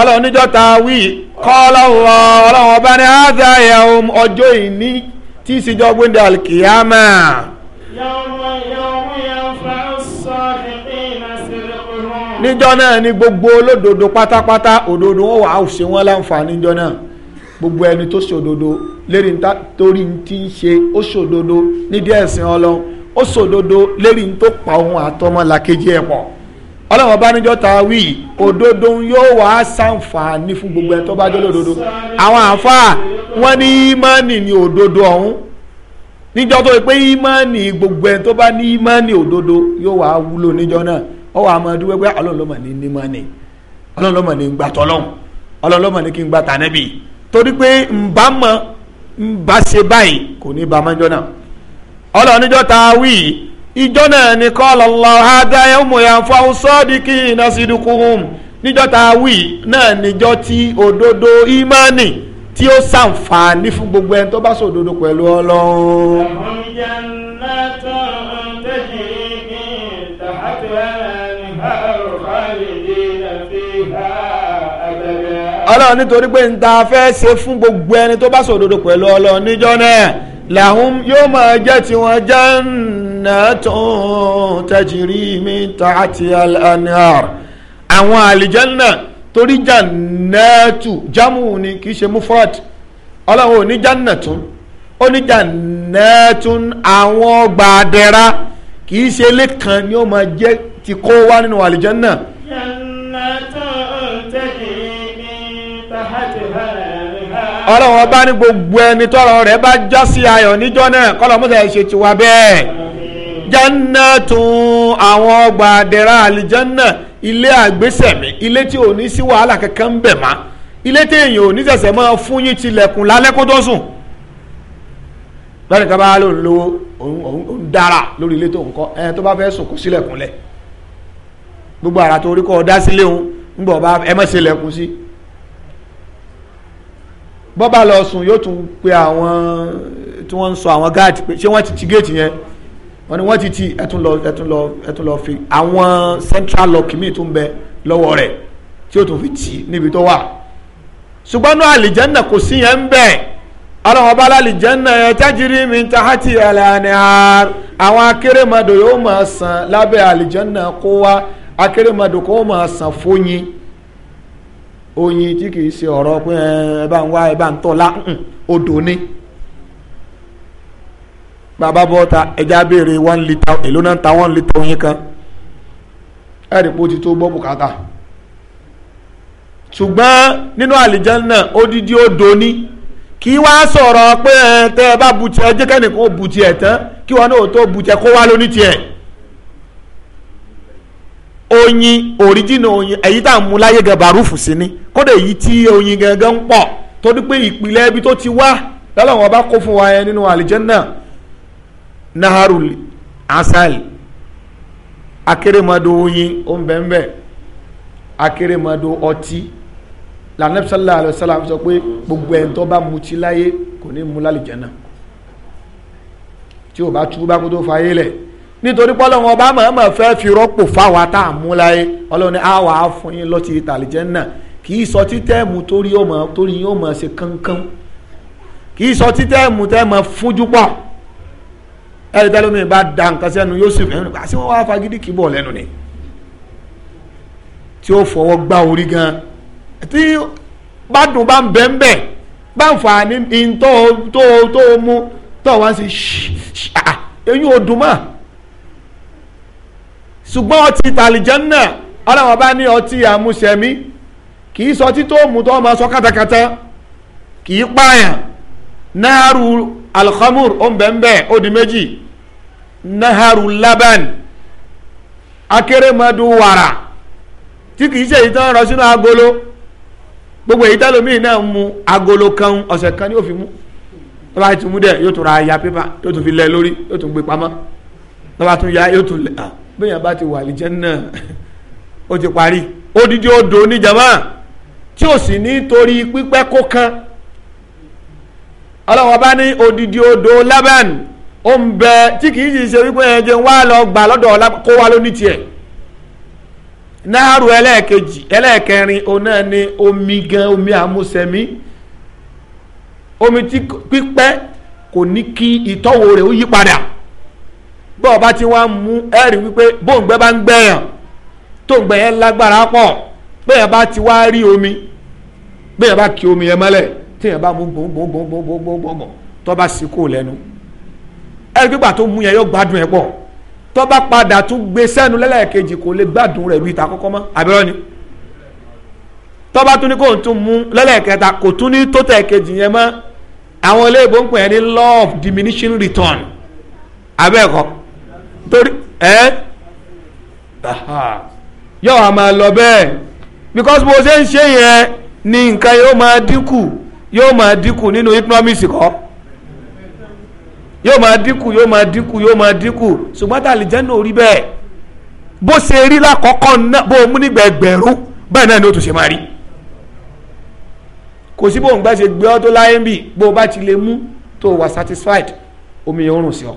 ọlọ́run níjọ́ ta wí kọ́ ọlọ́run ọlọ́run ọba ní áza ẹ̀hún ọjọ́ ìní tí ìṣèjọ́ gbẹ̀ndẹ̀ alkiyama. níjọ́ náà ni gbogbo olódodo pátápátá òdodo wọn wà á ṣe wọn láǹfààní níjọ́ náà gbogbo ẹni tó ṣòdodo lérí torí ti ń ṣe ó ṣòdodo nídìí ẹ̀sìn ọlọ́run ó ṣòdodo lérí tó pa òun àtọmọlàkejì ẹ̀ pọ̀ ọlọ́run bá níjọ́ ta wí òdodo yóò wá ṣàǹfààní fún gbogbo ẹ̀ tó bá jẹ́ lódodo àwọn àáfàá wọ́n ní ímánì ní òdodo ọ̀hún níjọ́ tó pé ímánì gbogbo ẹ̀ tó bá ní ímánì òdodo yóò wá wúlò níjọ́ náà ó wà á máa dúpẹ́ pé ọlọ́run ló mọ̀ ní ímánì ọlọ́run ló mọ̀ ní gbàtọ́lọ́hún ọlọ́run ló mọ̀ ní kí n gbàtà nẹ́bì torí pé mba mọ nbà ṣe báyìí kò ní bàmọ́ ìjọ náà ta wí ìjọ náà ni kọ́ọ̀lọ́ lọ ádá ẹ̀mú yà fún àwùsọ́ọ̀dì kí iná sí dúkùhùn níjọ́ ta wí náà níjọ́ ti òdodo ìmánì tí ó ṣàǹfààní fún gbogbo ẹni tó bá sọ ọlọ́run nítorí pé nta fẹ́ ṣe fún gbogbo ẹni tó bá sòdodo pẹ̀lú ọlọ́run níjọ́ náà làwọn yóò máa jẹ́ tiwọn jannatun tajri min tahti al-anhar àwọn àlìjẹ́nà torí jannatu jamu ni kì í ṣe mufrat ọlọ́run ò ní jannatun ó ní jannatun àwọn ọgbà àdẹ́ra kì í ṣe lẹ́kàn ni ó máa jẹ́ ti kó wá nínú àlìjẹ́nà. jannatun. ọlọ́run ọba ní gbogbo ẹni tọrọ rẹ̀ bá já sí ayọ̀ níjọ́ náà kọ́lọ́ mọ́tà ṣe ti wá bẹ́ẹ̀ jannatun àwọn ọgbà àdẹ̀rà àlìjánná ilé àgbésẹ̀mí ilé tí ò ní sí wàhálà kankan ń bẹ̀ má ilé tí èèyàn ò ní sẹ̀sẹ̀ máa fún yín tilẹ̀kùn lálẹ́ kó tó sùn lọ́nà kan bá lóun lówó òun dára lórí ilé tó ń kọ́ ẹ tó bá fẹ́ sùn kó sílẹ̀kùn lẹ̀ gbogbo àrà tó orí kọ́ ọ dá sílé òun ń bọ̀ bá ẹ mọ̀ sílẹ̀kùn sí. Si bọ́ bá lọ sùn yóò tún pe àwọn tí wọ́n ń sọ àwọn gáàtì pé ṣé wọ́n ti ti géètì yẹn wọ́n ní wọ́n ti ti ẹ̀tún lọ ẹ̀tún lọ ẹ̀tún lọ fi àwọn central lock mi tún bẹ lọ́wọ́ rẹ̀ tí ó tún fi tì níbi tó wà ṣùgbọ́n náà àlìjẹ́nà kò sí yẹn ń bẹ̀ ọlọ́wọ́n bá lálìjẹ́nà ẹ̀ tajiri min tahati al-anhar àwọn akérèmọdò yóò máa sàn lábẹ́ àlìjẹ́nà kó wá akérèmọdò kó máa sàn fóyin oyin tí kìí ṣe ọ̀rọ̀ pé ẹ bá ń wá ẹ bá ń tọ́lá odò ni bàbá bọ́ta ẹja béèrè one litre èló náà ta one litre oyin kan ẹ̀rì pé ó ti tó gbọ́ bùkátà ṣùgbọ́n nínú àlìjẹ́nà odidi odò ni kì í wá sọ̀rọ̀ pé ẹ tẹ́ ẹ bá bu tiẹ̀ jẹ́kẹ́ nìkan ó bu tiẹ̀ tán kí wọn náà tó bu tiẹ̀ kó wá lóní tiẹ̀. oyin òríjìnà oyin èyí tá à ń mu láyé gan sí ni kódà èyí tí oyin gangan ń pọ̀ torí pé ìpìlẹ̀ ti wá bá kó fún wa yẹn nínú àlìjẹ́nà naharul asal akérèmọdò oyin ó ń bẹ ń bẹ akérèmọdò ọtí lànàbí sallallahu sọ pé gbogbo ẹni bá mutí láyé kò ní mu o bá fa lẹ̀ nítorí pọ́lọ́wọ́n ọba mọ̀ọ́mọ̀ fẹ́ fi rọ́pò fáwa tá a mú láyé ọlọ́run á wà á fún yín lọ́tì ìtàlẹ́jẹ́ náà kì í sọ títẹ́ẹ̀mù torí yóò mọ̀ torí yóò mọ̀ ṣe kánkán kì í sọ títẹ́ẹ̀mù tẹ́ mọ̀ fúnjú pọ̀ ẹ̀rí tẹ́lómi bá da nǹkan sẹ́nu yóò sì fẹ́ràn nípa sí wọ́n wá fagídí kì í bọ̀ lẹ́nu ni tí ó fọwọ́ gbá orí gan tí gbádùn bá ń bẹ́ ń bẹ́ bá ń fà ní tó tó tó mú tó wá sí ṣáà ah, eyín odùn máa ṣùgbọ́n ọtí tàlìjẹ́nà ọlọ́wọ́n bá ní ọtí àmúṣẹmí kì í sọ tító mú tó máa sọ kátàkátà kì í pààyàn naharu alhamur ọ̀nbẹ̀nbẹ̀ ó méjì naharu laban akérèmọdún wàrà tí kì í ṣe ìtàn rọ sínú agolo gbogbo èyí tẹlómìn náà mu agolo kan ọ̀sẹ̀ kan ni ó fi mú tọ́ba ti mú dẹ̀ yóò tún ra ya pépà yóò tún fi lẹ̀ lórí yóò tún gbé pamọ́ tọ́ba tún ya yóò tún lẹ̀ hàn. Ah. bẹ́yàn bá ti wà àlìjẹ́nà ó ti parí odidi odò oníjàmá tí ò sì nítorí pípẹ́ kó kan ọlọ́wọ́ bá ní odidi odò Laban ó ń bẹ tí kìí í sì ṣe wípé ẹ jẹun wá lọ gbà lọ́dọ̀ kó wá lóní tiẹ̀ náàrú ẹlẹ́ẹ̀kejì ẹlẹ́ẹ̀kẹrin òun náà omi gan bó o bá ti wá mú ẹ̀rí wípé bóńgbẹ bá ń gbẹ̀yàn tóńgbẹ yẹn lágbára pọ̀ bẹ́ẹ̀ bá ti wá rí omi bẹ́ẹ̀ bá kí omi yẹn mọ́lẹ̀ téèyàn bá mú gbòǹgbòǹgbòǹgbòǹgbòǹgbò tó bá sì kó lẹ́nu ẹ̀rí pípa tó mú yẹn yóò gbádùn ẹ̀ pọ̀ tó bá padà tún gbé sẹ́nu lẹ́lẹ́kejì kò lè gbádùn rẹ̀ bí ìta kọ́kọ́ mọ́ àbẹ́rẹ́ ni tó bá tún ní kò tún mú lẹ́lẹ́kẹta kò tún ní tó tẹ̀ kejì yẹn mọ́ àwọn ilé ìbò ń pè é ní law of diminishing return abẹ́ẹ̀kọ́ torí ẹ yóò wá máa lọ bẹ́ẹ̀ because bó ṣe ń ṣe yẹn ni nǹkan yóò máa dínkù yóò máa dínkù nínú economics kọ́ yóò máa dínkù yóò máa dínkù yóò máa dínkù ṣùgbọ́n tá àlìjẹ́nà orí bẹ́ẹ̀ bó ṣe rí lákọ̀ọ́kọ́ náà bó o mú nígbà ẹgbẹ̀rún bẹ́ẹ̀ náà ni ó tún ṣe máa rí kò sí bóun gbà ṣe gbé ọ tó láyé ń bì bó o bá ti lè mú tó o wà satisfied omi yẹn ń rùn sí ọ.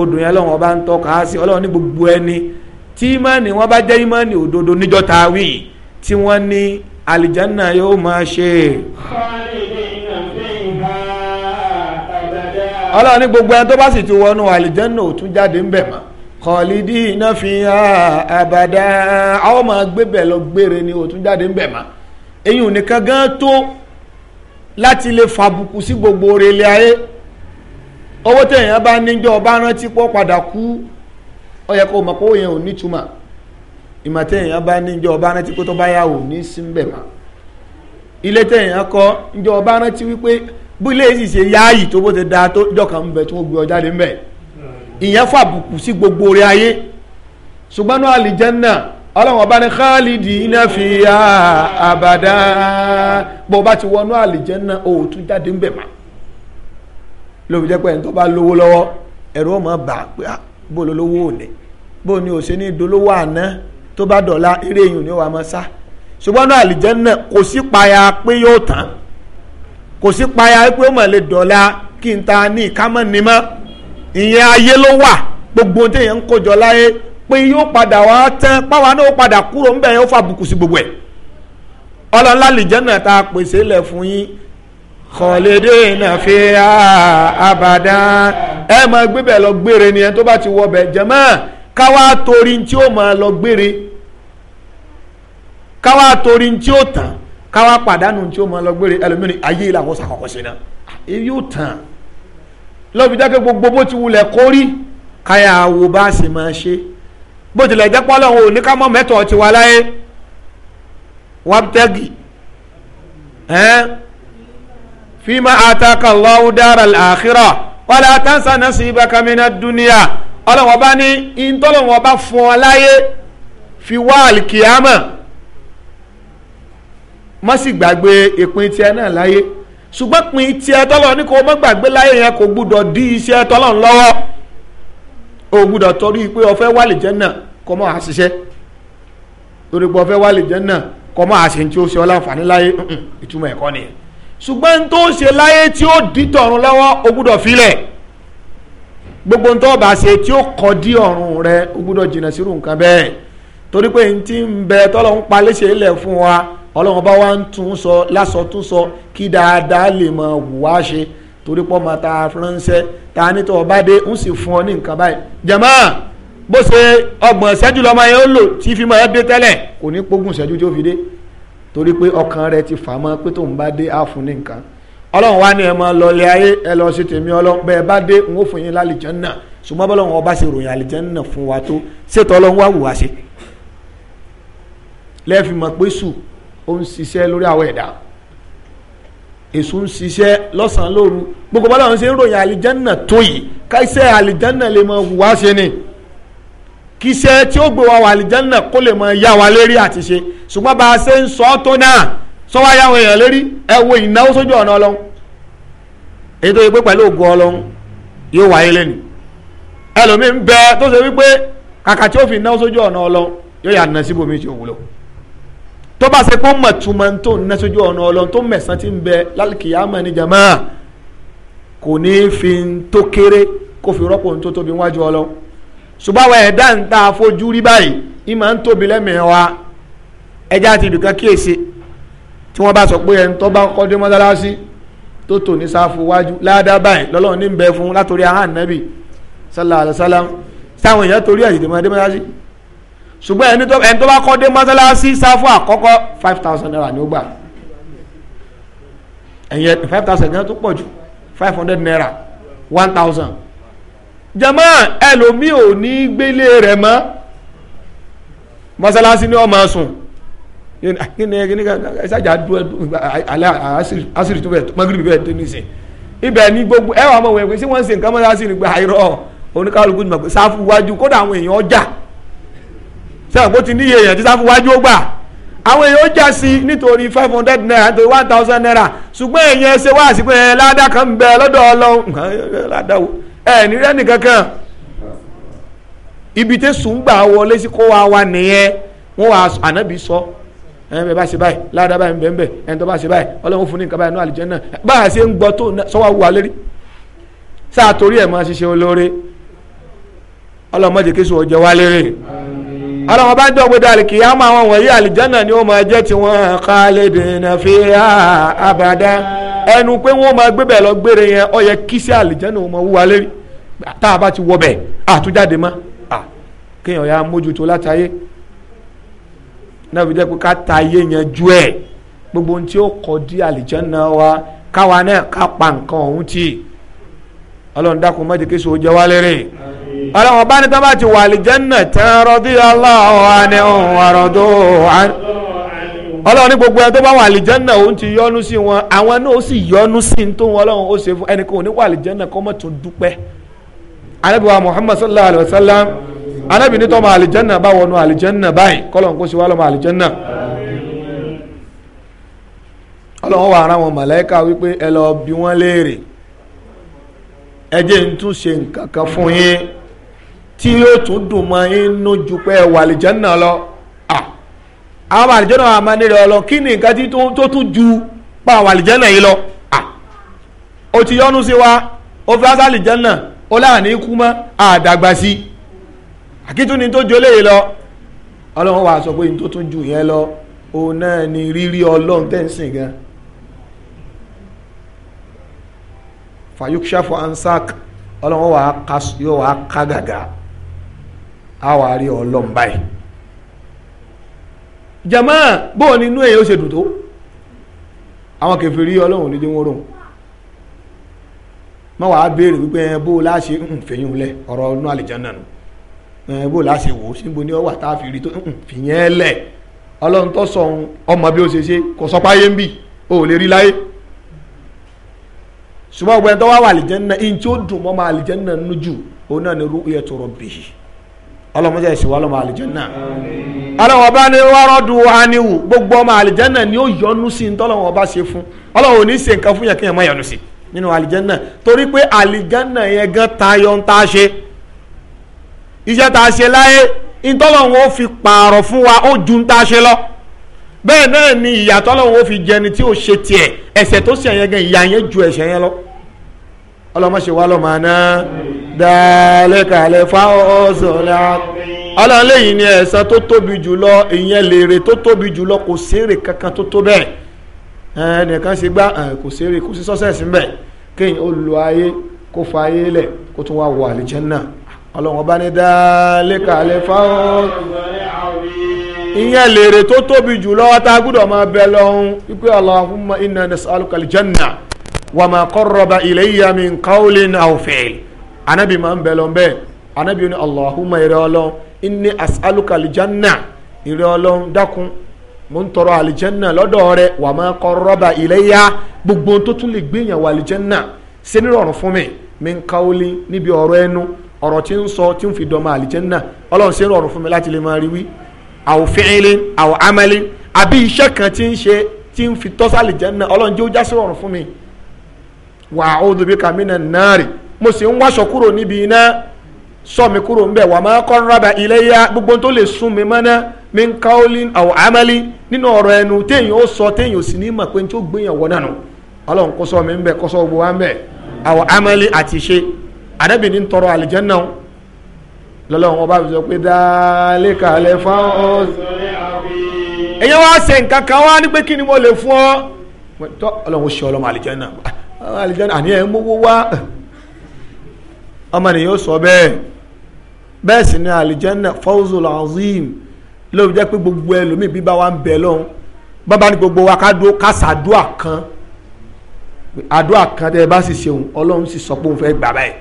odò yẹn lọ́wọ́n bá ń tọ́ka sí ọlọ́run ní gbogbo ẹni tí ìmánì wọn bá jẹ́ ìmánì òdodo níjọ́ ta wí tí wọ́n ní àlìjánná yóò máa ṣe. ọlọ́run ní gbogbo ẹni tó bá sì ti wọnú àlìjánná ò jáde ń bẹ̀ mọ́ kọ̀lídì iná fi hàn àbàdà àwọn máa gbébẹ̀ lọ gbére ni ò jáde ń bẹ̀ mọ́ eyín ò nìkan gan tó láti lè fàbùkù sí gbogbo orílẹ̀ ayé. owó tẹ̀yàn bá níjọ́ ọba rántí pọ́ padà kú ó yẹ kó mọ̀ pé òyìn ò ní túmọ̀ ìmọ̀ tẹ̀yàn bá níjọ́ ọba rántí pé tó bá yà ò ní sí mọ́ ilé tẹ̀yàn kọ́ níjọ́ ọba rántí wípé bí ilé yìí ṣe yáàyì tó bó ti da tó jọ kàn ń bẹ tó gbé ọjà ìyẹn sí gbogbo orí ayé ṣùgbọ́n náà ọlọ́run ọba ní abada ti wọnú òòtú jáde ń ló fi jẹ́ pé ẹni tó bá lówó lọ́wọ́ ẹ̀rù ó máa bà pé ah, bó ló lówó òní bó ni òṣè ní dolówó àná tó bá dọ̀la eré ni ó wà máa sá ṣùgbọ́n náà àlìjẹ́nnà kò sí paya pé yóò tán kò sí paya pé ó lè dọ̀la n ta ní ìkámọ́ ni mọ́ ìyẹn ayé ló wà gbogbo ń khalidina fiha abadan ẹ máa gbé bẹ́ẹ̀ lọ gbére ni ẹni tó bá ti wọ bẹ́ẹ̀ jẹ́mọ́ káwá torí tí ó máa lọ gbére káwá torí tí ó tàn káwá pàdánù tí ó máa lọ gbére ẹlòmíràn ayé ìlà àwọn sàkọ̀kọ̀ sí náà èyí ò tàn lọ́bi dákẹ́ gbogbo bó ti wulẹ̀ kórí káyà wo bá sì máa ṣe bó tilẹ̀ jẹ́ pọ́lọ́ òun ní ká mọ́ mẹ́tọ̀ ti wá láyé wabtagi ẹ́n fima ataka Allahu daral akhirah wala tansa nasibaka minad dunya ọlọ́wọ́n bá ní ìtọ́lọ́wọ́n bá fún ọ láyé fi wá àlìkìyàmọ̀ má sì gbàgbé ìpín tiẹ̀ náà láyé ṣùgbọ́n pin tiẹ̀ tọ́lọ́ ní kò má gbàgbé láyé yẹn kò gbúdọ̀ dí iṣẹ́ tọ́lọ́ lọ́wọ́ o gbúdọ̀ torí pé o fẹ́ wà lè jẹ́ náà kọ́ mọ́ àṣìṣe torí pé o fẹ́ wà lè jẹ́ náà kọ́ mọ́ àṣìṣe tí ó ṣe ọ láǹfààní láyé ìtumọ̀ ẹ̀kọ́ nìyẹn ṣùgbọ́n tó ṣe láyé tí ó di tọ̀run lọ́wọ́ o gbúdọ̀ filẹ̀ gbogbo ń tọ́ bá ṣe tí ó kọ́ dí ọ̀run rẹ o gbúdọ̀ jìnnà sírù nǹkan bẹ́ẹ̀ torí pé n ti ń bẹ tọ́lọ́run pa léṣe ilẹ̀ fún wa ọlọ́run bá wa ń tún sọ lásọ tún sọ kí dáadáa lè mọ wùwá ṣe torí pọ́ máa ta fúnránṣẹ́ ta nítorí ọba dé ń sì fún ọ ní nǹkan báyìí jàmá bó ṣe ọgbọ̀n ṣẹ́jú lọ́mọ yẹn ó lò tí fi máa dé tẹ́lẹ̀ kò ní pógùn ṣẹ́jú tí ó fi dé torí pé ọkàn rẹ ti fà mọ́ pé tóun bá dé àfun ní nǹkan ọlọ́run wá ní ẹ mọ lọlé ayé ẹ lọ sí tèmi ọlọ́run bẹ́ẹ̀ bá dé n ó fún yín lálìjẹ́ náà ṣùgbọ́n bọ́lọ́run ọba ṣe ròyìn àlìjẹ́ náà fún wa tó ṣètò ọlọ́run wá wùwá ṣe lẹ́ẹ̀fì mọ̀ pé sù ó ń ṣiṣẹ́ lórí àwọn ẹ̀dá èso ń ṣiṣẹ́ lọ́sàn-án lóru gbogbo bọ́lọ́run ṣe ń ròyìn àlìjẹ́ náà tó yìí káṣẹ́ àlìjẹ́ náà lè mọ wùwá ṣe ni kì í ṣe tí ó gbé wa wà àlìjánná kó lè mọ yá wa lérí àti ṣe ṣùgbọ́n bá a ṣe ń sọ ọ́ tó náà sọ wá yá àwọn èèyàn lérí ẹ wo ìnáwó sójú ọ̀nà ọlọ́run èyí tó yẹ pé pẹ̀lú ògùn ọlọ́run yóò wáyé lẹ́nu ẹlòmíín bẹ tó ṣe wípé kàkà tí ó fi ìnáwó sójú ọ̀nà ọlọ́run yóò yà ná síbòmí tí ò wúlò tó bá ṣe pé ó mọ̀ túmọ̀ tó ná sójú ọ̀nà ọlọ́run tó mẹ̀sán ṣùgbọ́n àwọn ẹ̀dá ń ta fojú rí báyìí ní máa ń tóbi lẹ́mìí wa ẹja àti ibìkan kíyèsí tí wọ́n bá sọ pé ẹni tó bá kọ́ dé mọ́sálásí tó tò ní sáfù wájú ládàá báyìí lọ́lọ́run ní bẹ fún látòrí ahán nẹ́bì sallallahu alaihi wasallam táwọn èèyàn torí ẹ̀yìn tèmọ́ dé mọ́sálásí ṣùgbọ́n ẹni tó bá kọ́ dé mọ́sálásí sáfù àkọ́kọ́ five thousand naira ni ó gbà ẹ̀yẹ five thousand naira tó pọ̀ jù five hundred naira one thousand jama ẹlòmíì ò ní gbélé ni wọ́n máa sùn ah, kíni kíni ìsájà dúró alẹ́ àásìrì tó bẹ̀ mọ́gìrì bẹ̀ tó nísìn ibẹ̀ ní gbogbo ẹwà ọmọ wẹ̀ pé sí wọ́n ni pé àìrọ̀ oníkálukú ni pé sáfù wájú kódà àwọn èèyàn ọjà sẹ́wọ̀n kó ti níye èèyàn tí sáfù wájú ó gbà àwọn èèyàn five hundred naira nítorí one thousand naira ṣùgbọ́n èèyàn ṣe wá ládàá kan bẹ lọ́dọ̀ <laughs> ẹ ní rẹ́ni kankan ibi tẹ́ sùn gbà wọlé sí kó wa wa nìyẹn wọ́n wà ànábì sọ ẹn bẹ bá ṣe báyìí ládàá báyìí bẹ́ẹ̀ bẹ́ẹ̀ ẹn tó bá ṣe báyìí ọlọ́run fún ní nǹkan báyìí ní àlùjánnà báyà ṣe ń gbọ́ tó sọ́wọ́ wà lérí sáà torí ẹ̀ máa ṣiṣẹ́ olóore ọlọ́run mọ̀jẹ̀ kí sùn ọjọ́ wà lérí ọlọ́run bá ń dọ̀gbé dàlí kì í á máa wọn wọ̀nyí ni ó máa jẹ́ tiwọn khalidina fiha abada. ẹnu pé wọ́n máa gbé bẹ́ẹ̀ lọ gbére yẹn ọ yẹ kí sí àlìjẹ́nà wọn máa wúwa lérí tá a bá ti wọ bẹ́ẹ̀ àtújáde má ya mójútó látàyé náà fi jẹ́ pé ká ta ayé yẹn ju gbogbo ohun tí ó di wa káwa náà ká pa nǹkan ọ̀hún tì ọlọ́run dákun má jẹ́ kí sòwò wá lérè ọlọ́run bá ní ti wà aláwọ̀ àni ọ̀hún àròdó àni. ọlọ́run ní gbogbo ẹ tó bá wà àlìjẹ́nà òun ti yọ́nú sí wọn àwọn náà ó sì yọ́nú sí ní tó wọn ọlọ́run ó ṣe fún ẹnìkan òní wà àlìjẹ́nà kọ́ mọ̀ tó dúpẹ́ Ànábì wa Muhammad sallallahu alayhi wa sallam Ànábì ní tọ́mọ àlìjẹ́nà bá wọnú àlìjẹ́nà báyìí kọ́lọ́n kó ṣe wá lọ́mọ àlìjẹ́nà ọlọ́run wà ara wọn màláíkà wípé ẹ lọ bí wọ́n léèrè ẹ jẹ́ n tún ṣe nǹkan kan fún yín tí yóò àwọn àlìjọ́nà àwọn amánirè ọlọ́run kí ni nǹkan tó tún ju pa àwọn àlìjọ́nà yìí lọ o ti yọ́nú sí wa ó fi ásá àlìjọ́nà ó láàánú ikú mọ́ àdàgbà sí àkítún ni tó ju eléyìí lọ ọlọ́run wàá sọ pé ní tó tún ju yẹn lọ òun náà ni rírí ọlọ́run tẹ́ ń sìn gan fayukshafo ansak ọlọ́run wa ká gàgà á wàá rí ọlọ́run báyìí jama bóò ni inú ẹ̀yìn ó ṣe dùn tó àwọn kèfèrí ọlọ́run ní jẹ́ wọ́n rò mọ́ wàá béèrè wípé ẹ bó láṣẹ ń fẹ̀yìn lẹ ọ̀rọ̀ inú àlìjáná nù ẹ bó láṣẹ wò ó síbo ni ọ wà tá a fi rí tó ń fìyẹn lẹ ọlọ́run tó sọ ọmọ bí ó ṣe ṣe kò sọ páyé ń bì ó lè rí láyé ṣùgbọ́n ọgbẹ́ni tó wá wà àlìjáná in tí ó dùn mọ́ máa àlìjáná nù jù òun náà ni rú iye tó rọ bì ọlọ́mọdé ẹ̀sìn wà lọ́mọ àlìjáná ọlọ́wọ́ bá ní wárọ́dù aniwu gbogbo ọmọ àlìjẹ́nà ni ó yọnu sí ní tọ́lọ́wọ́ bá ṣe fún ọlọ́wọ́ ní ṣe nǹkan fún yẹn kí yẹn má yọnu sí nínú àlìjẹ́nà torí pé àlìjẹ́nà yẹn gan tayọ ń ta ṣe iṣẹ́ ta ṣe láyé ìtọ́lọ́wọ́ ó fi pààrọ̀ fún wa ó ju ń ta ṣe lọ bẹ́ẹ̀ náà ni ìyà tọ́lọ́wọ́ ó fi jẹni tí ó ṣe tiẹ̀ ẹ̀ṣẹ̀ tó ṣe yẹn gan ìyà yẹn ju ẹ̀ṣẹ̀ yẹn lọ ọlọ́mọ ṣe lọ́mọ náà dáálẹ́kàlẹ́ fáwọ́sọ̀lá ọlọ́run lẹ́yìn ni ẹ̀san tó tóbi jùlọ ìyẹn lèrè tó tóbi jùlọ kò sèrè kankan tó tó bẹ́ẹ̀ ẹnìkan ṣe gbá kò sèrè kò sí sọ́sẹ̀sì mbẹ̀ kéyìn ó lu ayé kó fa ayé lẹ̀ kó tún wá wọ àlìjánnà ọlọ́run ọba ní dáálẹ́ka alẹ́ fáwọn ìyẹn lèrè tó tóbi jùlọ tá a gbúdọ̀ máa bẹ lọ́hún wípé Allahumma inna nas'aluka al-janna wa ma qarraba ilayya min qawlin aw fi'l anabi máa ń bẹ lọ́n bẹ́ẹ̀ anabi ní Allahumma ìrẹ́ ọlọ́run inni as'aluka alijanna ìrẹ Ọlọ́run dákun mo ń tọrọ alijanna lọ́dọ̀ rẹ wà má qarraba ilayya gbogbo tó tún lè gbéyàn wà alijanna ṣe nírọ̀rùn fún mi mi ń káwọlé níbi ọ̀rọ̀ ẹnu ọ̀rọ̀ tí ń sọ tí ń fi dọmọ alijanna Ọlọ́run ṣe nírọ̀rùn fún mi láti lè máa rí wí aw fi'lin aw amalin àbí iṣẹ́ kan tí ń ṣe tí ń fi tọ́sí alijanna Ọlọ́run jẹ́ ó já sí rọ̀rùn fún mi wa a'udhu bika minan nari mo sì ń wáṣọ kúrò níbi iná sọ mi kúrò ńbẹ wà máa kọ́ rábà iléyà gbogbo tó lè sún mi mọ́ná mi ń káólín àwọn amálí nínú ọ̀rọ̀ ẹnu téèyàn ó sọ téèyàn ò sì ní mọ̀ pé n tó gbéyàn wọ nánu ọlọ́run mi ńbẹ kó gbogbo wa ńbẹ àwọn amálí àti ṣe àdẹ́bì ní tọrọ àlìjẹ́nà lọ́lọ́run ọba fi pé dáálé kalẹ̀ fáwọn. èyàn wá ṣe nǹkan kan wá ní kí ni mo lè fún ọ. ọlọ́run ó ṣe ọlọ́mọ àlìjẹ́nà ah, àlìjẹ́nà àníyàn ń mówó wá ọmọnìyàn ó sọ bẹ́ẹ̀ bẹ́ẹ̀ sì ni àlìjẹ́nà fawzul azim ló jẹ́ pé gbogbo ẹlòmíì bí bá wa ń bẹ lọ́hùn bàbá ní gbogbo wa ká dúró ká sàdúà kan àdúà kan tẹ́ ẹ bá sì ṣeun ọlọ́run sì sọ pé òun fẹ́ gbà báyìí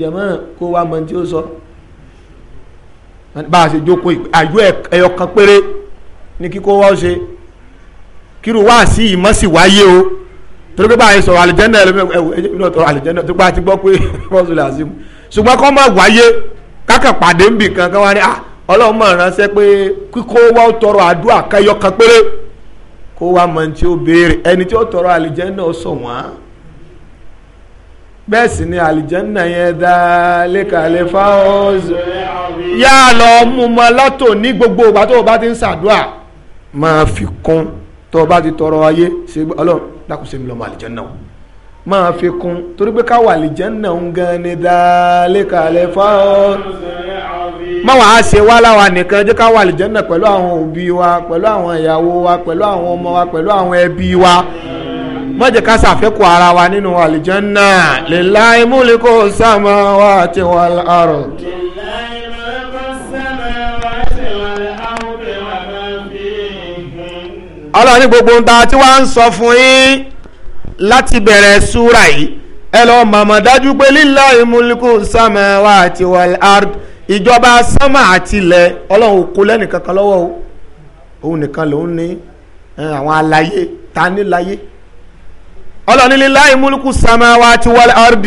jẹ̀mọ́ kó wa mọ tí ó sọ bá a ṣe jókòó àjọ ẹyọ kan péré ní kíkó wá ṣe kírun wá sí ìmọ̀ sí wáyé o. torí pé báyìí sọ̀rọ̀ àlìjẹ́ndà ẹlòmíràn tọrọ àlìjẹ́ndà tó bá ti gbọ́ pé <laughs> ṣùgbọ́n kọ́ máa wáyé kákà pàdé kan wá ah, ọlọ́run máa pé kíkó wá tọrọ àdúrà kan péré kó wá mọ tí ó béèrè ẹni tí ó tọrọ àlìjẹ́ndà ó sọ wọ́n bẹ́ẹ̀ sì ni àlìjẹ́ndà yẹn dá lékalẹ̀ fáwọ́sù yá lọ mú mọ ní gbogbo ìgbà tó o bá ti ń ṣàdúrà máa tọrọ ayé ṣe ọlọ́run dákun ṣe mí lọ́mọ àlìjẹ́nà o máa fi kún torí pé ká wà àlìjẹ́nà ń gan ni dálékalẹ̀ fáwọn má wàá ṣe wá láwa nìkan jẹ́ ká wà àlìjẹ́nà pẹ̀lú àwọn òbí wa pẹ̀lú àwọn ìyàwó wa pẹ̀lú àwọn ọmọ wa pẹ̀lú àwọn ẹbí wa má jẹ́ ká ṣàfẹ́kù ara wa nínú àlìjẹ́nà lillahi mulku samawati wal ard. ọlọ́run ní gbogbo nta tí wàá ń sọ fún yín láti bẹ̀rẹ̀ súra yìí ẹ lọ mọ̀mọ́ dájú pé lillahi mulku samawati wal ard ìjọba sánmà àti ilẹ̀ ọlọ́run kò lẹ́nìkankan lọ́wọ́ o òun nìkan lòun ní àwọn aláyé ta ní láyé ọlọ́run ní lillahi mulku samawati wal ard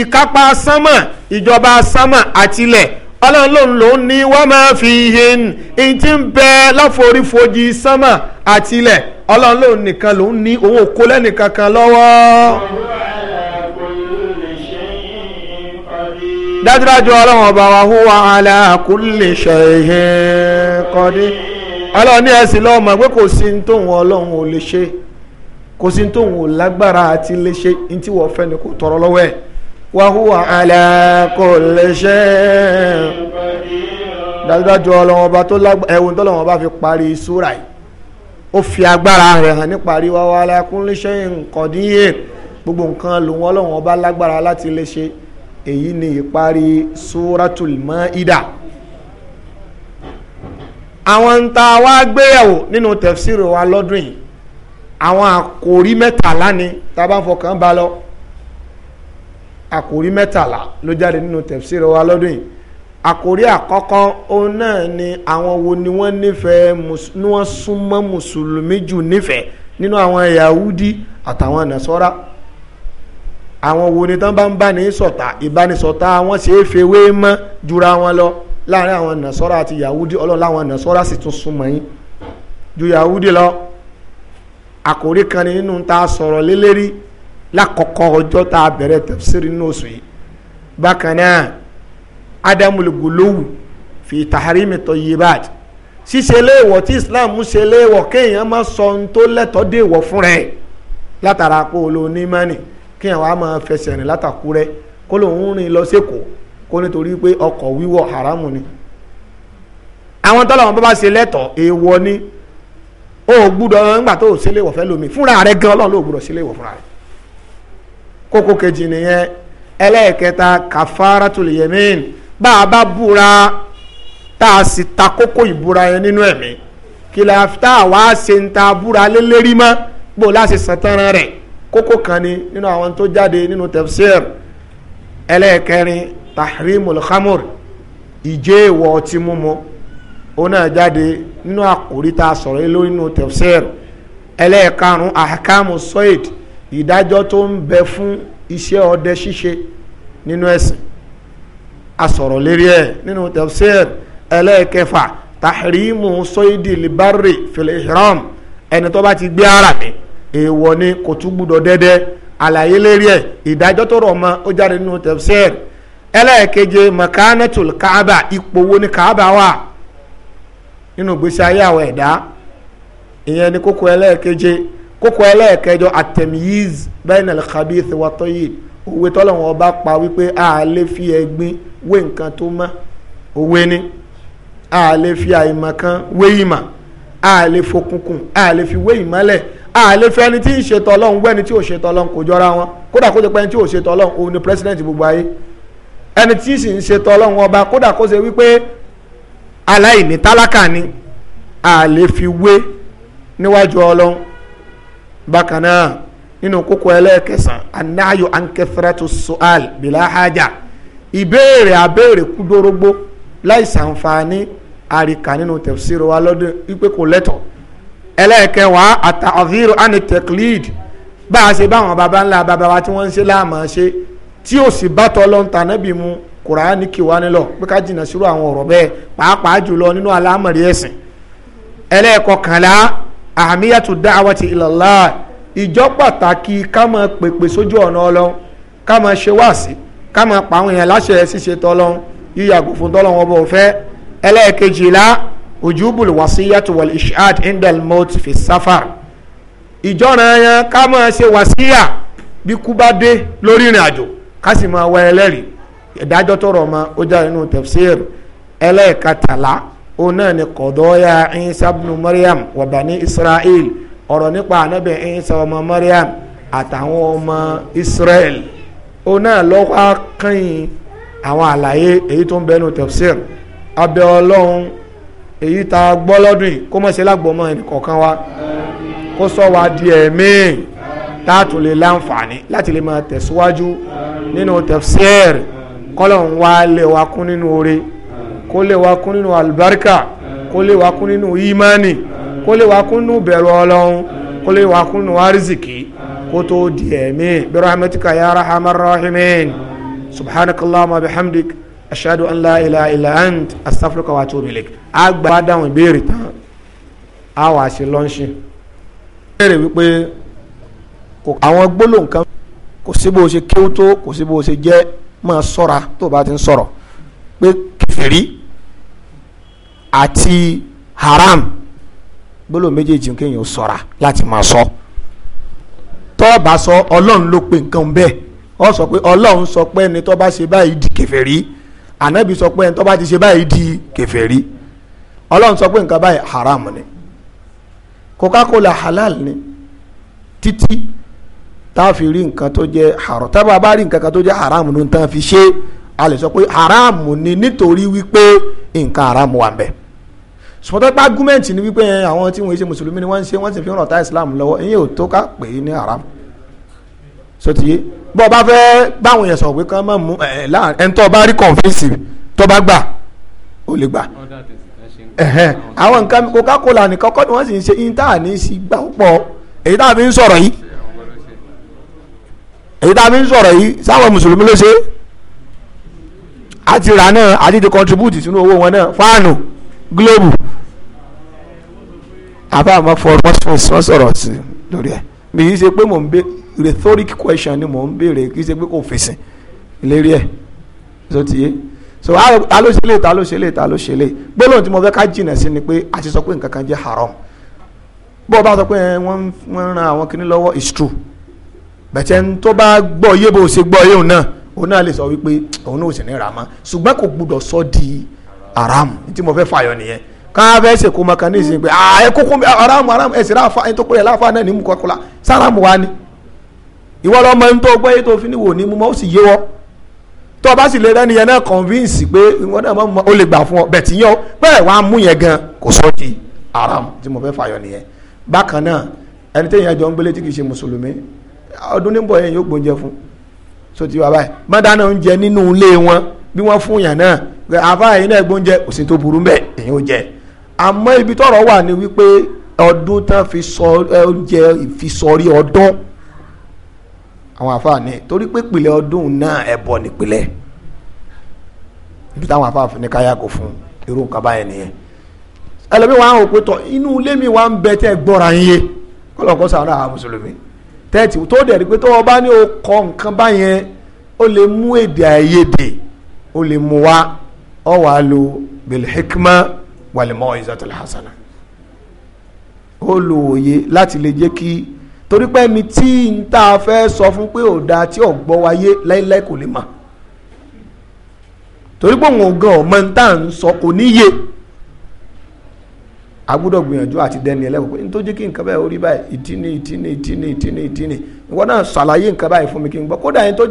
ìkápá sánmà ìjọba sánmà àti ilẹ̀ ọlọ́run lòun lòun ní wọ́n máa fi hin in ti ń bẹ láforífojì sánmà àti ilẹ̀ ọlọ́run lòun nìkan lòun ní òun kó lẹ́nìkan lọ́wọ́. dájúdájú ọlọ́run ọba wa huwa ala kulli shay'in qadir ọlọ́run ní ẹ̀sìn lọ́wọ́ mọ̀ pé kò sí ní tóun ọlọ́run ò lè ṣe kò sí ní tóun ò lágbára àti lè ṣe ní tí wọ́n fẹ́ ni kò tọrọ lọ́wọ́ ẹ̀ wàhùwà alákòlẹ́ṣẹ́ dájúdájú ọlọ́wọ́n ọba tó lágbára ẹ̀wọ̀n tó lọ́wọ́n ọba fi parí súrà yìí ó fi agbára rẹ̀ hàn níparí wàhùwà alákòlẹ́ṣẹ́ nǹkan díyè gbogbo nǹkan lòun ọlọ́wọ́n ọba lágbára láti lè ṣe èyí ni ìparí súratul Maida àwọn ń ta wá gbéyàwó nínú tẹ̀fsíìrì wa lọ́dún yìí àwọn àkòrí mẹ́tàlá ni tá a bá fọkàn bá lọ àkórí mẹ́tàlá ló jáde nínú tẹ̀fsíìrì wa lọ́dún yìí àkórí àkọ́kọ́ òun náà ni àwọn wo ni wọ́n nífẹ̀ẹ́ ni wọ́n súnmọ́ mùsùlùmí jù nífẹ̀ẹ́ nínú àwọn yahudi àtàwọn nasọ́ra àwọn wo ni tán bá ń bá ní ṣọ̀tá ìbánisọ̀tá wọn ṣe é fewé mọ́ jura wọn lọ láàrin àwọn nasọ́ra àti yahudi ọlọ́run láwọn nasọ́ra sì tún súnmọ́ yín ju yahudi lọ àkórí kan nínú ta sọ̀rọ̀ lélẹ́rìí lákọ̀ọ́kọ́ ọjọ́ tá a bẹ̀rẹ̀ tafsiri nínú oṣù yìí bákan náà adamul guluwu fi taharimi tayyibat ṣíṣe léèwọ̀ tí islam ṣe léèwọ̀ kéèyàn má sọ ohun tó lẹ́tọ̀ọ́ déèwọ̀ fún rẹ̀ látara kó o lo onímọ̀nì kéèyàn wàá máa fẹsẹ̀ rìn látàkúrẹ́ kó lóun rìn lọ sékòó kó nítorí pé ọkọ̀ wíwọ̀ haramu ni àwọn tọ́lọ̀ wọn bá bá ṣe èèwọ̀ ni o gbúdọ̀ nígbà tó o ṣe léèwọ̀ fẹ́ lómi fúnra rẹ̀ gan ọlọ́run ló gbúdọ̀ ṣe léèwọ̀ fúnra rẹ̀ kókó kejì nìyẹn ẹlẹ́ẹ̀kẹta kàfàràtul yamin bá a bá búra tá a sì ta kókó ìbúra yẹn nínú ẹ̀mí kìlà tá a wá ṣe ń ta búra lélẹ́rí mọ́ gbò láti sàtàrà rẹ̀ kókó kan ni nínú àwọn tó jáde nínú tafsir ẹlẹ́ẹ̀kẹrin tahrimul khamur ìjẹ́ ìwọ̀ ọtí mímu ó náà jáde nínú àkòrí tá a sọ̀rọ̀ lórí nínú tafsir ẹlẹ́ẹ̀karùn-ún ahkamu soid ìdájọ́ tó ń bẹ fún iṣẹ́ ọdẹ ṣíṣe nínú ẹ̀sìn asọ̀rọ̀ lérí ẹ̀ nínú tafsir ẹlẹ́ẹ̀kẹfà tahrimu soidi libari filihram ẹni tó bá ti gbé ara mi èèwọ̀ ni kò tún gbúdọ̀ dẹ́dẹ́ àlàyé lérí ẹ̀ ìdájọ́ tó rọ̀ mọ́ ó jáde nínú tafsir ẹlẹ́ẹ̀keje makanatul kaaba ipò wo ni kaaba wà nínú ìgbésí ayé àwọn ẹ̀dá ìyẹn ni kókó ẹlẹ́ẹ̀keje kókó ẹlẹ́ẹ̀kẹjọ atẹ̀míyíz bẹ́ẹ̀nà lẹ́kàbíyèsí wọ́tọ́ yìí òwe tọ́lọ́wọ́n ọba pa wípé a fi ẹ̀gbin wé nǹkan tó mọ́ òwe ni a fi àìmọ̀ kan wé ìmọ̀ a lè fokunkun fi wé ìmọ̀lẹ̀ a lè fi ẹni tí ń ṣe tọ́lọ́hún wẹ́ ẹni tí ò ṣe tọ́lọ́hún kò jọra wọn kódà kó jẹ́ pé ẹni tí ò ṣe tọ́lọ́hún òun ni pírẹsidẹ́ǹtì gbogbo ayé ẹni tí sì ń ṣe tọ́lọ́hún ọba kódà kó ṣe wípé aláìní tálákà ni a fi wé níwájú ọlọ́hún bákan náà nínú kókó ẹlẹ́ẹ̀kẹsàn anáyọ ankẹfẹrẹtù sual bilahaja ìbéèrè àbéèrè kúdórógbó láì sàǹfààní àríkà nínú tẹ̀síro wa lọ́dún wípé kò lẹ́tọ̀ ẹlẹ́ẹ̀kẹwàá àtàvíru aniteklid bá a ṣe báwọn baba ńlá baba wa tí wọ́n ń ṣe láàmú ṣe tí ò sì bá tọ́ lọ́ntà nábì mu kùránì kì wá nílọ pé ká jìnnà sírò àwọn ọ̀rọ̀ bẹ́ẹ̀ pàápàá jùlọ nínú alámọ̀rí ẹ̀sìn ẹlẹ́ẹ̀kọkànlá ahamiyatu da'awati ilallah ìjọ pàtàkì ká máa pèpè sójú ọ̀nà ọlọ́run ká máa ṣe wáàsí ká máa pa àwọn èèyàn láṣẹ ṣíṣe tọ́lọ́run yíyàgò fún tọ́lọ́run ọba òfẹ́ ẹlẹ́ẹ̀kejìlá ojúbùl wàsíyàtù wal ishad indal mot fi safar ìjọ́ran yẹn ká máa ṣe wàsíyà bí kú bá dé lórí ìrìn àjò ká sì máa wá ẹlẹ́rìí ìdájọ́ tó rọ̀ mọ́ ó jáde nínú tafsir ẹlẹ́ẹ̀kẹtàlá òun náà ni kọ̀dọ́yà Isa ibn Maryam wa bani Israel ọ̀rọ̀ nípa ànábì Isa ọmọ Maryam àtàwọn ọmọ Israel òun náà lọ́wọ́ kẹ́yìn àwọn àlàyé èyí tó ń bẹ́nu tafsir abẹ́ ọlọ́run èyí tá a gbọ́ lọ́dún yìí kó mọ̀ sí lágbọ́mọ ẹnìkọ̀ọ̀kan wa kó sọ wa di ẹ̀mí tá lè láǹfààní láti lè máa tẹ̀síwájú nínú tafsir kọ́lọ̀ ń wá lé wa kún nínú oore kó lè wá kún nínú àlùbáríkà kó lè wá kún nínú ìmánì kó lè wá kún nínú bẹ̀rù ọlọ́run kó lè wá kún nínú àrísìkì kó tó di ẹ̀mí bi rahmatika ya rahman rahimin subhanakallahumma wa bihamdik ashadu an la ilaha illa ant astaghfiruka wa atubu ilaik àgbà wa dáhùn ìbéèrè tán a wà ṣe lọ́ńṣì. ìbéèrè wípé àwọn gbólóhùn kò sí bó ṣe kéwú tó kò sí bó ṣe jẹ́ máa sọ́ra tó bá ti ń sọ̀rọ̀ pé kèfèrí àti haram gbólóhùn méjèèjì kéèyàn ṣọ́ra láti máa sọ tó bá sọ ọlọ́run ló pe nǹkan bẹ́ẹ̀ ọ sọ pé ọlọ́run sọ pé ẹni tó bá ṣe báyìí di kèfèrí ànábì sọ pé ẹni tó bá ti ṣe báyìí di kèfèrí ọlọ́run sọ pé nǹkan báyìí haram ni coca-cola halal ni títí tá a fi rí nǹkan tó jẹ́ haram tá a bá rí nǹkan kan tó jẹ́ haram ní tá a fi ṣe a lè sọ pé haram ni nítorí wípé nǹkan haram wà ńbẹ̀ sọtọ́ pé agúmẹ̀ntì ni wípé àwọn tí wọ́n ṣe mùsùlùmí ni wọ́n ń ṣe wọ́n sì fi ń rọ̀ta islam lọ́wọ́ ìyẹn ò tó ká pè é ní haram sotiye bọ́ ọ bá fẹ́ báwọn yẹn sọ̀rọ̀ pé kán mọ̀ mú ẹ̀ láàrin ẹni tó bá rí kọ̀ǹfẹ́sì tó bá gbà ó lè gbà àwọn nǹkan Coca-Cola nìkan kọ́ ni wọ́n sì ń ṣe inter ní sí gbà pọ̀ èyí tá a fi ń sọ̀rọ̀ yìí èyí tá a fi ń sọ̀rọ̀ yìí sáwọn mùsùlùmí ló ṣe é àti rà náà àti ti contribute sínú owó wọn náà fáànù. gílóòbù àbá for reference wọ́n sí lórí ẹ̀ mi kì ṣe pé mò ń bẹ rhetoric question ni mò ń béèrè kì í ṣe pé kò fèsì lérí ẹ̀ sọ ti yé so a ta ló ta gbólóhùn tí mo fẹ́ ká jìnà sí ni pé a ti sọ pé nǹkan kan jẹ́ haram bó o bá sọ pé eh, wọ́n ń ran àwọn kinní lọ́wọ́ is true bẹ̀tẹ̀ ń tó bá gbọ́ yé bó o ṣe gbọ́ yé òun náà òun náà lè wípé òun náà ò sì ní ra mọ́ sọ di haram tí mo fẹ́ fàyọ nìyẹn ká fẹ́ ṣe kó maka ní ìsìn pé ah, ẹ kókó haram haram ẹ sì rà fa ẹ tó kúrẹ̀ láfa náà ní mu kọkọlá sáram wa ni ìwọ lọmọ ẹni tó gbọ́ yìí tó fi ní wò ní mu mọ́ ó sì yé wọ́ tó o bá sì lè rẹ́ni yẹn náà convince pé ìwọ́n náà mọ́ o lè gbà fún ọ bẹ̀ tí yẹn o bẹ́ẹ̀ wá mú yẹn gan kò sọ di haram tí mo fẹ́ fàyọ nìyẹn bákan náà ẹni téèyàn jọ ń gbélé tí kì í ṣe mùsùlùmí ọdún níbọ̀ yẹn yóò gbóúnjẹ fún so ti wà báyìí má oúnjẹ nínú ilé wọn bí wọ́n fún yàn náà àfa yìí náà gbóúnjẹ kò sí tó burú mbẹ èyí jẹ àmọ́ ibi tọrọ wà ní wípé ọdún tán fi sọ oúnjẹ ìfisọrí ọdún ni torí pé pìlẹ̀ ọdún náà ẹbọ ibi táwọn àfa káyàgò fún irú nǹkan báyẹn mi ń bẹ tẹ yé kọlọkọ sàrà àwọn mùsùlùmí tó kọ nǹkan báyẹn o lè mú èdè àìyedè o lè mú ọ wà lo bilhikma wàlímọ̀ ìzàtàlẹ̀ hasana o lo oye láti lè jẹ́ kí torí pé mi tí n ta fẹ́ sọ fún pé ò da tí ò gbọ́ wáyé láíláí kò lè mà torí pé òun gan ọmọ n sọ kò níye a gbọ́dọ̀ gbìyànjú àti dẹni ẹlẹ́kọ̀ọ́ pé n tó jẹ́ kí nǹkan báyìí báyìí mi kí n gbọ́ kódà tó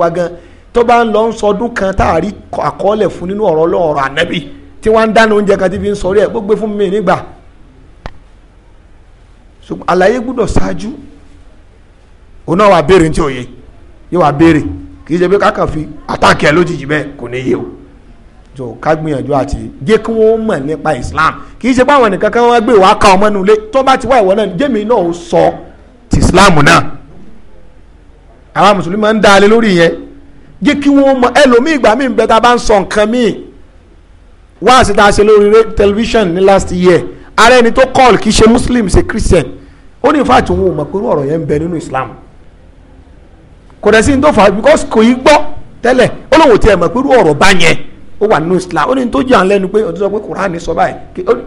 wa gan tó bá ń lọ ń sọdún kan tá a rí àkọọ́lẹ̀ fún nínú ọ̀rọ̀ Ọlọ́run ọ̀rọ̀ ànábì tí wọ́n ń dáná oúnjẹ kan tí fi ń sọrí ẹ̀ gbogbo fún mi nígbà ṣùgbọ́n àlàyé gbúdọ̀ ṣáájú òun náà wà béèrè ní tí òye yóò wà béèrè kì í ṣe pé kákan fi àtàkì ẹ lójijì bẹ́ẹ̀ kò ní yé o tó ká gbìyànjú àti jẹ́ kí wọ́n mọ̀ nípa Islam kì í ṣe pé àwọn nìkan kan wọ́n gbé wàá ka ọmọ nulẹ̀ tó bá ti wá ìwọ náà jẹ́mi náà ó sọ ti Islam náà àwọn mùsùlùmí máa ń dá a lé lórí yẹn jẹ́ kí wọ́n mọ ẹlòmíì ìgbà míì bẹ́ẹ̀ tá bá ń sọ nǹkan míì wá sí ta ṣe lórí tẹlifíṣàn ní last year ara ẹni tó call kì í ṣe muslim ṣe christian ó ní fàtí òun ò mọ̀ pé ọ̀rọ̀ yẹn ń bẹ nínú islam kò dẹ̀ sí ní tó fà because kò í gbọ́ tẹ́lẹ̀ ó lóun ò tiẹ̀ mọ̀ pé ọ̀rọ̀ bá yẹn ó wà nínú islam ó ní tó jẹ́ àwọn lẹ́nu pé ọdún sọ pé kùránì sọ báyìí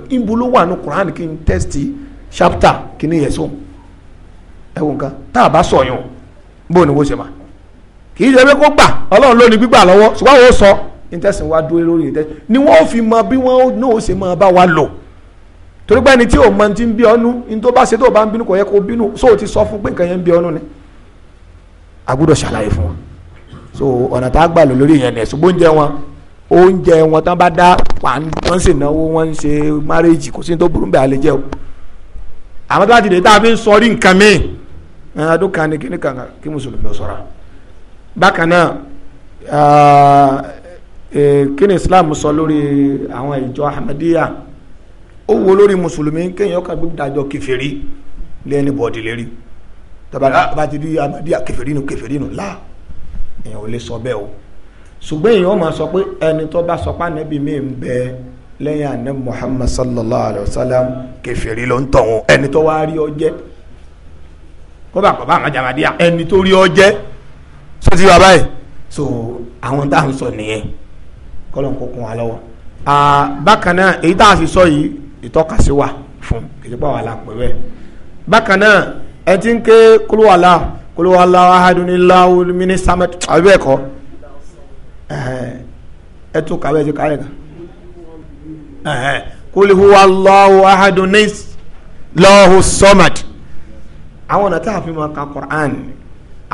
ìbú ló wà nínú kùránì kí n test chapter kí ni yẹ sóun ẹ wò nǹkan tá a bá sọ yún bó ni wọ́n ṣe máa kì í ṣe pé kó gbà ọlọ́run ló ní gbígbà lọ́wọ́ ṣùgbọ́n àwọn ò sọ ìtẹ̀sìn wa dúró lórí ìtẹ̀sìn ni wọ́n fi mọ bí wọ́n náà ó ṣe máa bá wa lò torí pé ẹni tí ò mọ ti ń bí ọnú ní tó bá ṣe tó bá ń bínú kò yẹ kó bínú sóò ti sọ fún pé nǹkan yẹn ń bí ọnú ni a gbọ́dọ̀ ṣàlàyé fún wọn so ọ̀nà tá a gbà lò lórí yẹn ni ṣùgbọ́n oúnjẹ wọn oúnjẹ wọn tán bá dá wọn sì náwó wọn ń ṣe márèèjì kò sí ní tó burú bákan náà e, kí ni islam sọ lórí àwọn ìjọ ahmadiyya ó wo lórí mùsùlùmí kéèyàn kan gbé dájọ kẹfẹ́rí lẹ́ni bọ́ọ̀dì lérí tàbá ti di ahmadiyya kẹfẹ́rí nu kẹfẹ́rí nu láà èèyàn ò lè sọ bẹ́ẹ̀ o ṣùgbọ́n èèyàn máa sọ pé ẹni tó bá sọ pé ànábì mi ń bẹ lẹ́yìn ànábì muhammad sallallahu alayhi wa sallam kẹfẹ́rí ló ń tọ̀hún ẹni tó wá rí ọ jẹ́ kó bá kó bá àmàjàmàdíyà ẹni tó rí ọ jẹ́ so ti wà báyìí so àwọn tá à ń sọ nìyẹn kọ́lọ̀ kó kún wa lọ́wọ́ bákan náà èyí tá a fi sọ yìí ìtọ́kasí wà fún ìdípọ̀ wà lápẹ̀rẹ̀ bẹ́ẹ̀ bákan náà ẹ ti ń ké àbí bẹ́ẹ̀ kọ́ ẹ tún kàwé ti kan ahadunis àwọn ọ̀nà tá a fi máa ka Qur'an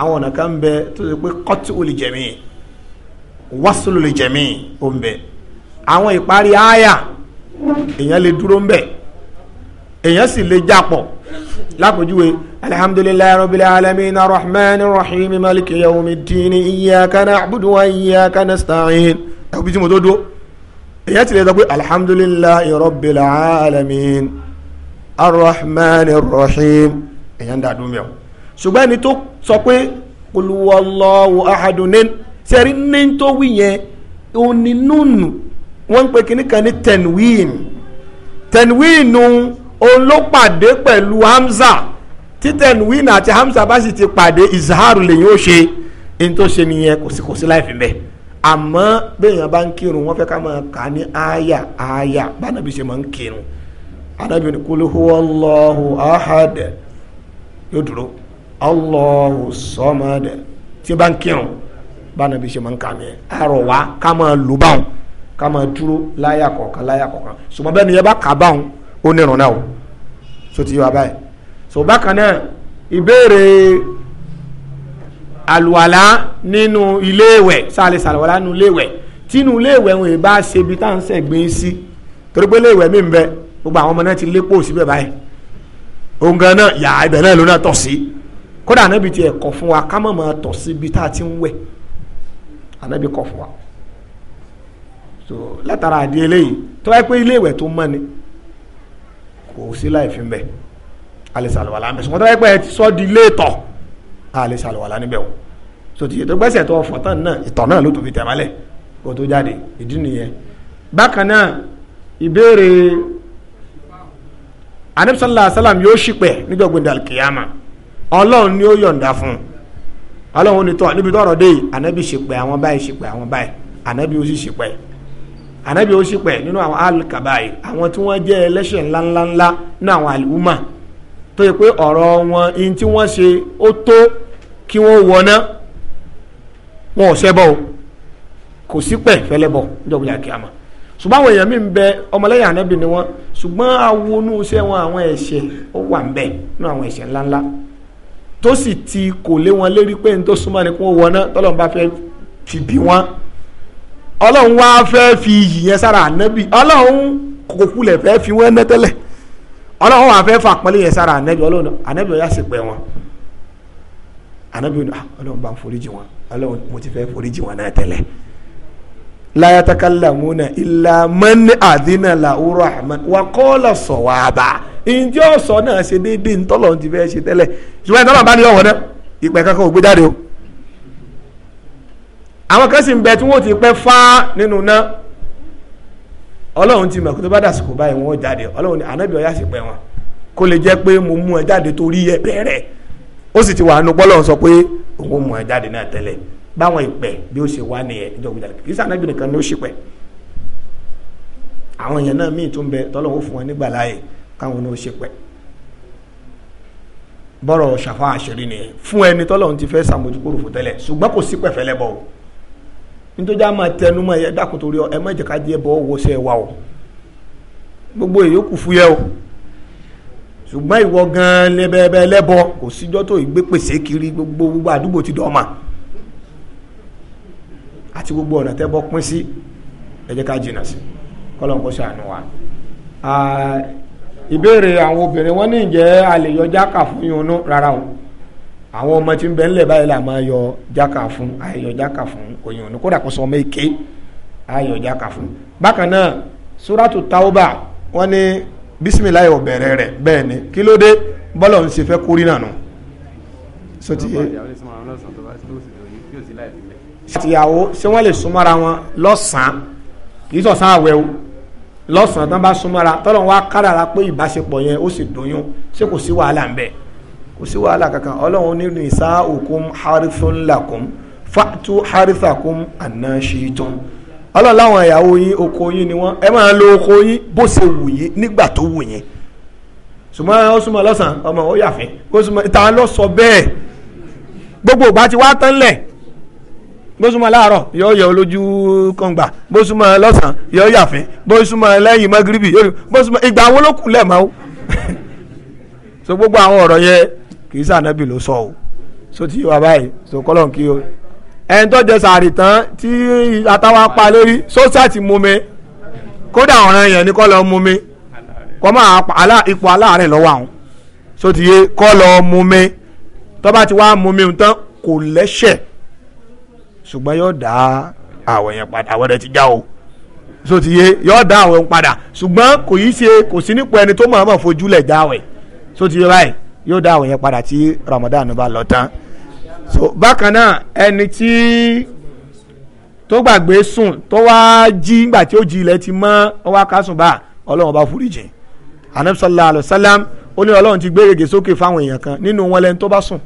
àwọn ọ̀nà kan bẹ tó ṣe pé kọ́tù olè jẹ̀mí wọ́sùlù olè jẹ̀mí ó ń bẹ àwọn ìparí àyà èèyàn lè dúró ń bẹ èèyàn sì lè jápọ̀ lápòjúwe alhamdulilayi rabbil alamin arahman rahim maliki yawmi dini iyaka na'budu wa iyaka nasta'in ẹ̀kú bí tí mo tó dúró èèyàn ti lè sọ pé alhamdulilayi rabbil alamin arahman rahim èèyàn dàdú mẹ́wọ̀n ṣùgbọ́n ẹni tó sọ pé olùwọ́lọ́wọ́ ahadunin sẹ́rí ní tó wí yẹn òní núnù wọ́n ń pe kinní kan ní tenwin tenwin òun ló pàdé pẹ̀lú hamza tí tenwin àti hamza bá sì ti pàdé izharu lèyìn ó ṣe ní tó ṣe nìyẹn kò sí kò sí láì bẹ́ẹ̀ àmọ́ béèyàn bá ń kírun wọ́n fẹ́ ká máa kà á ní àyà àyà bánàbí ṣe máa ń kírun anábìrin kúlú huwallahu ahad yóò dúró Allahu Samad tí bá ń kírun báwọn bí ṣe máa ń kà mí àrò wá laya máa lù báwọn ká máa dúró láyà kọ̀ọ̀kan láyà kọ̀ọ̀kan ṣùgbọ́n bẹ́ẹ̀ ni ẹ bá o so ti yọ abáyé so bákan náà ìbéèrè àlùwàlá nínú iléèwẹ̀ sálẹ̀ sàlùwàlá nínú iléèwẹ̀ tínú iléèwẹ̀ wọn ì bá ṣe ibi tá à ń sẹ̀gbìn e sí torí pé iléèwẹ̀ mi ń bẹ gbogbo àwọn ọmọ náà ti lépò síbẹ̀ báyìí òun gan náà yà ibẹ̀ náà ló náà tọ̀ sí kódà ànábì tiẹ̀ kọ̀ fún wa ká má máa tọ̀ síbi tá a ti ń wẹ̀ ànábì kọ̀ fún wa so látara àdí eléyìí tó wáyé pé ilé ìwẹ̀ tó mọ́ ni kò sí láì fi mbẹ́ alẹ́ sàlùwàlà ń bẹ̀ ṣùgbọ́n tó wáyé pé ẹ ti sọ́ di ilé ìtọ̀ alẹ́ sàlùwàlà níbẹ̀ o so tìyẹ tó gbẹ́sẹ̀ tó ọ̀fọ̀ tán náà ìtọ̀ náà ló tó fi tẹ̀ mọ́lẹ̀ kó tó jáde ìdí nìyẹn bákan náà ìbéèrè anabi sallallahu alayhi wa sallam yóò ṣìpẹ̀ nígbàgbọ́ndà alkiyama ọlọ́run ni ó yọ̀ǹda fún un ọlọ́run ni tọ́ níbi tọ́rọ̀ dé ànábì ṣèpẹ́ àwọn báyìí ṣèpẹ́ àwọn báyìí ànábì ó sì ṣèpẹ́ ànábì ó sì pẹ́ nínú àwọn alkabai àwọn tí wọ́n jẹ́ ẹlẹ́ṣẹ̀ ńláńláńlá nínú àwọn àlùmọ́ tó yẹ pé ọ̀rọ̀ wọn ihun tí wọ́n ṣe ó tó kí wọ́n wọná wọn ò ṣẹbọ o kò sí pẹ̀ fẹlẹ́bọ níjọba a kíámà ṣùgbọ́n àwọn èèyàn mi ń bẹ ọmọlẹ́yìn ànábì ni wọ́n ṣùgbọ́n awonú iṣẹ́ àwọn ẹ̀ṣẹ̀ ó wà ń bẹ nínú àwọn ẹ̀ṣẹ̀ ńláńlá tó sì ti kò lé wọn lérí pé n tó súnmọ́ ni kó wọn náà tọ́lọ́run bá fẹ́ fi bí wọn ọlọ́run wá fẹ́ fi iyì yẹn sára ànábì ọlọ́run kò kulẹ̀ fẹ́ fi wọ́n ná tẹ́lẹ̀ ọlọ́run wá fẹ́ fàpọ́nlé yẹn sára ànábì ọlọ́run ànábì ọ̀yá sì pẹ́ wọn ànábì ah, ọlọ́run bá ń foríjì wọn ọlọ́run mo ti fẹ́ foríjì wọn náà tẹ́lẹ̀ la yatakallamuna illa man adhina lahu rahman wa qala ìdí ọ̀sọ́ náà ṣe déédéé ntọ́lọ̀ ti fẹ́ ṣe tẹ́lẹ̀ ṣùgbọ́n ìtọ́lọ̀ bá ní ọ̀wọ́ náà ìpẹ́ kankan ò gbé jáde o àwọn kan sì ń bẹ tí wọ́n ti pẹ́ fá nínú náà ọlọ́run ti mọ̀ kó tó bá dàsìkò báyìí wọ́n jáde ọlọ́run ni ànábì ọ̀yá sì pẹ́ wọn kó lè jẹ́ pé mo mú ẹ jáde torí ẹ bẹ̀rẹ̀ ó sì ti wà nù pọ́lọ́run sọ pé òun mú ẹ jáde náà tẹ́lẹ̀ báwọn ìpẹ́ bí ó ṣe wá nìyẹn ìjọba ìjàlè kì í sànábì nìkan ni ó ṣìpẹ́ àwọn èèyàn náà míì tún bẹ tọ́lọ́run fún wọn nígbà láàyè káwọn náà ṣe pẹ́ bọ́rọ̀ ṣàfà àṣírí nìyẹn fún ẹni tọ́lọ́run ti fẹ́ sàmójúkúrò fún tẹ́lẹ̀ ṣùgbọ́n kò sí pẹ̀fẹ́lẹ́ bọ̀ o nítorí a máa tẹnu mọ́ ẹ dákun torí ọ ẹ má jẹ́ ká díẹ̀ bọ́ wọ sẹ́ wa o gbogbo ìyókù fúyẹ́ o ṣùgbọ́n ìwọ gan-an lẹ́bẹ̀ẹ́bẹ́ lẹ́bọ kò síjọ́ tó ìgbé pèsè kiri gbogbo gbogbo àdúgbò ti dọ́ọ̀mà àti gbogbo ọ̀nà tẹ́bọ pín sí ẹ jẹ́ ká jìnnà sí kọ́lọ́n kó ṣàánú wa ìbéèrè àwọn obìnrin wọn ní ìjẹ́ a lè yọ jáka fún yín onú rárá o àwọn ọmọ tí ń bẹ ńlẹ̀ báyìí là máa yọ jáka fún àyọ jáka fún oyin onú kódà kó sọ ọmọ èké àyọ jáka fún bákan náà suratu tauba wọn ní bisimilayi ò bẹ̀rẹ̀ rẹ̀ bẹ́ẹ̀ ni kí ló dé bọ́lọ̀ ń ṣe fẹ́ kórìí nànú. sotí yé ìyàwó ṣé wọ́n lè súnmọ́ra wọn lọ́sàn-án kì í sọ̀sán àwẹ̀ o lọ́sàn-án tán bá súnmọ́ra tọ́lọ́n wá kádàrá pé ìbáṣepọ̀ yẹn ó sì dóyún ṣé kò sí wàhálà ń bẹ̀ kò sí wàhálà kankan ọlọ́run nínú nisaukum harithun lakum fatu harithakum anna shi'tum ọlọ́run láwọn ìyàwó yín oko yín ni wọ́n ẹ máa lo oko yín bó ṣe wù yín nígbà tó wù yín súnmọ́ ó súnmọ́ lọ́sàn ọmọ ó yàfẹ́ ó súnmọ́ ìta lọ bẹ́ẹ̀ gbogbo ìgbà tí wá tán lẹ̀ bó súnmọ́ láàárọ̀ yóò yọ olójú kọ̀ǹgbà bó súnmọ́ lọ́sàn yóò yàfín bó súnmọ́ lẹ́yìn mọ́gíríbì yóò bó súnmọ́ ìgbà wo ló kù lẹ́ẹ̀mọ́ o <laughs> so gbogbo àwọn ọ̀rọ̀ yẹn kì í sànẹ́bì ló sọ o so ti wà báyìí so kọ́lọ̀ kí o ẹni tó jẹ sàárì tán tí atáwa pa lórí sósàtì mú mi kódà ọ̀ràn yẹn ni kọ́ lọ mú mi ipò aláàárẹ̀ lọ́wọ́ àwọn so ti yé kọ́ lọ mú mi tó bá ti wá mú tán kò lẹ́sẹ̀ ṣùgbọ́n yóò dá àwẹ̀ yẹn padà àwẹ̀ rẹ̀ ti já o so ti yé yóò dá àwẹ̀ ń padà ṣùgbọ́n kò yí ṣe kò sí nípò ẹni tó mọ̀ọ́mọ̀ fojúlẹ̀ já àwẹ̀ so ti yé báyìí yóò dá àwẹ̀ yẹn padà tí Ramadan bá lọ tán so bákan náà ẹni tí tó gbàgbé sùn tó wá jí nígbà tí ó jí ilẹ̀ ti mọ́ ó wá kásùn bá ọlọ́run bá foríjìn anabi sallallahu alayhi wa sallam ó ní ọlọ́run ti gbé rege sókè fáwọn èèyàn kan nínú wọn lẹ́ni tó bá sùn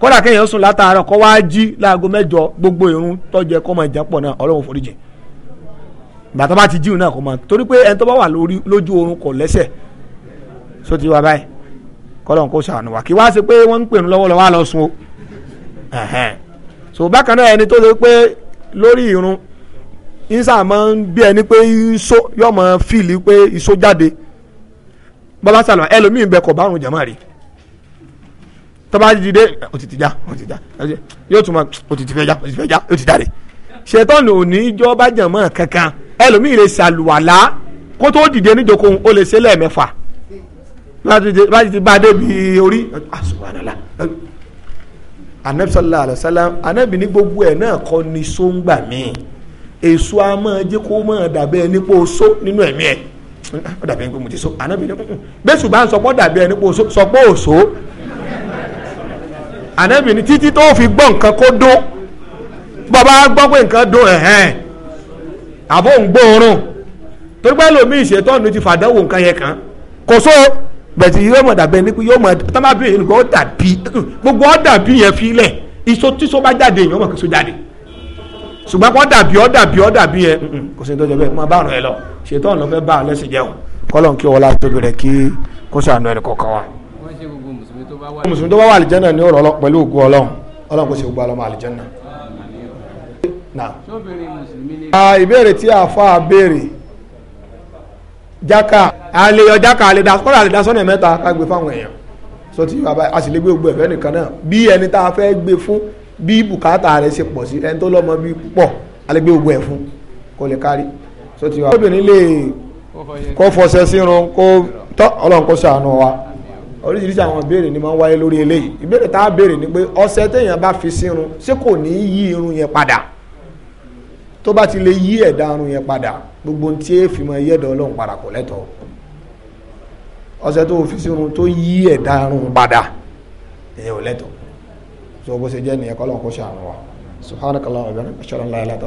kódà kéèyàn sùn látàárọ̀ kó wá jí láago mẹ́jọ gbogbo irun tọ́jú ẹ kó máa jẹ́ pọ̀ náà ọlọ́run foríjì bàtà bá ti jíun náà kó máa torí pé ẹni tó bá wà lójú oorun kò lẹ́sẹ̀ só ti wá báyìí kọ́lọ́n kó sàánú wá kí wá sí pé wọ́n ń pè ní lọ́wọ́lọ́wọ́ á lọ sun o so bákan náà ẹni tó ṣe pé lórí irun isa máa ń bí ẹni pé iṣó yọ̀ọ́ máa fìlì pé iṣó jáde bọ́lá sàlọ̀ ẹlòmíì bẹ kọ̀ bárùn jàmáà rí i tọ́ba ti dé òtítì já òtítì já yóò tún ma òtítì fẹ́ já òtítì fẹ́ já òtítì jáde ṣètọ́nù òní jọba jàmọ́ kankan ẹlòmíì lè ṣàlùwàlá kó tó dìde níjókòó ó lè ṣe lẹ́ẹ̀mẹ́fà bá ti bá débi orí asùnwánàlá ah, anabi sallallahu alayhi wa sallam anabi ní gbogbo ẹ̀ náà kọ́ ni so ń gbà mí èso a máa jẹ́ kó máa dàbẹ́ ẹ nípò so nínú ẹ̀mí ẹ̀ ó dàbẹ́ ẹ pé mo ti so anabi ní bẹ́sù bá ń sọ pé ó dàbẹ́ ẹ nípò so sọ pé ànábì ni títí tó fi gbọ́ nǹkan kó dún bàbá gbọ́ pé nǹkan dún ẹ̀hẹ́n àbó ń gbóòórùn torí pé lómi ìṣètọ́nu ti fàdánwò nǹkan yẹn kan kò só bẹ̀tì yóò mọ̀ dàbẹ́ ní yóò mọ̀ tábàbí yẹn nǹkan ó dàbí gbogbo ó dàbí yẹn filẹ̀ iṣo tíṣo bá jáde yẹn ó mọ̀ kí so jáde ṣùgbọ́n kó dàbí ó dàbí ó dàbí yẹn kò sí ní tọ́jú bẹ́ẹ̀ máa bá àrùn ẹ lọ ṣètọ́nu fẹ́ bá àrùn lẹ́sìn jẹun kọ́lọ́n kí ọlá tóbi rẹ̀ kí kó sànù ẹnì kọ̀ọ̀kan wa mùsùlùmí tó bá wà àlìjẹ́nà ní ọ̀rọ̀ pẹ̀lú ògùn ọlọ́run ọlọ́run kò ṣe gbà lọ́mọ àlìjẹ́nà. ìbéèrè tí àáfàá béèrè jákà àlèyọ jákà àlè kọ́lá àlè dasọ́nà mẹ́ta ká gbé fáwọn èèyàn sọ tí bàbá a sì lè gbé gbogbo ẹ̀fẹ́ nìkan náà bí ẹni tá a fẹ́ gbé fún bí bùkátà rẹ̀ ṣe pọ̀ sí ẹni tó lọ́mọ bí pọ̀ a lè gbé gbogbo ẹ̀ fún kó lè kárí sọ tí bàbá obìnrin lè kó fọṣẹ sírun kó tọ́ ọlọ́run kó ṣàánú wa oríṣiríṣi àwọn ìbéèrè ni máa ń wáyé lórí eléyìí ìbéèrè tá a béèrè ni pé ọṣẹ téèyàn bá fi sírun ṣé kò ní í yí irun yẹn padà tó bá ti lè yí ẹ̀dá irun yẹn padà gbogbo ohun tí èèfì máa yí ẹ̀dá ọlọ́run padà kò lẹ́tọ̀ọ́ ọṣẹ tó fi sírun tó yí ẹ̀dá irun padà èèyàn ò lẹ́tọ̀ọ́ so bó ṣe jẹ́ nìyẹn kọ́ lọ́n kó ṣàánú wa subhanakallah wa bihamdika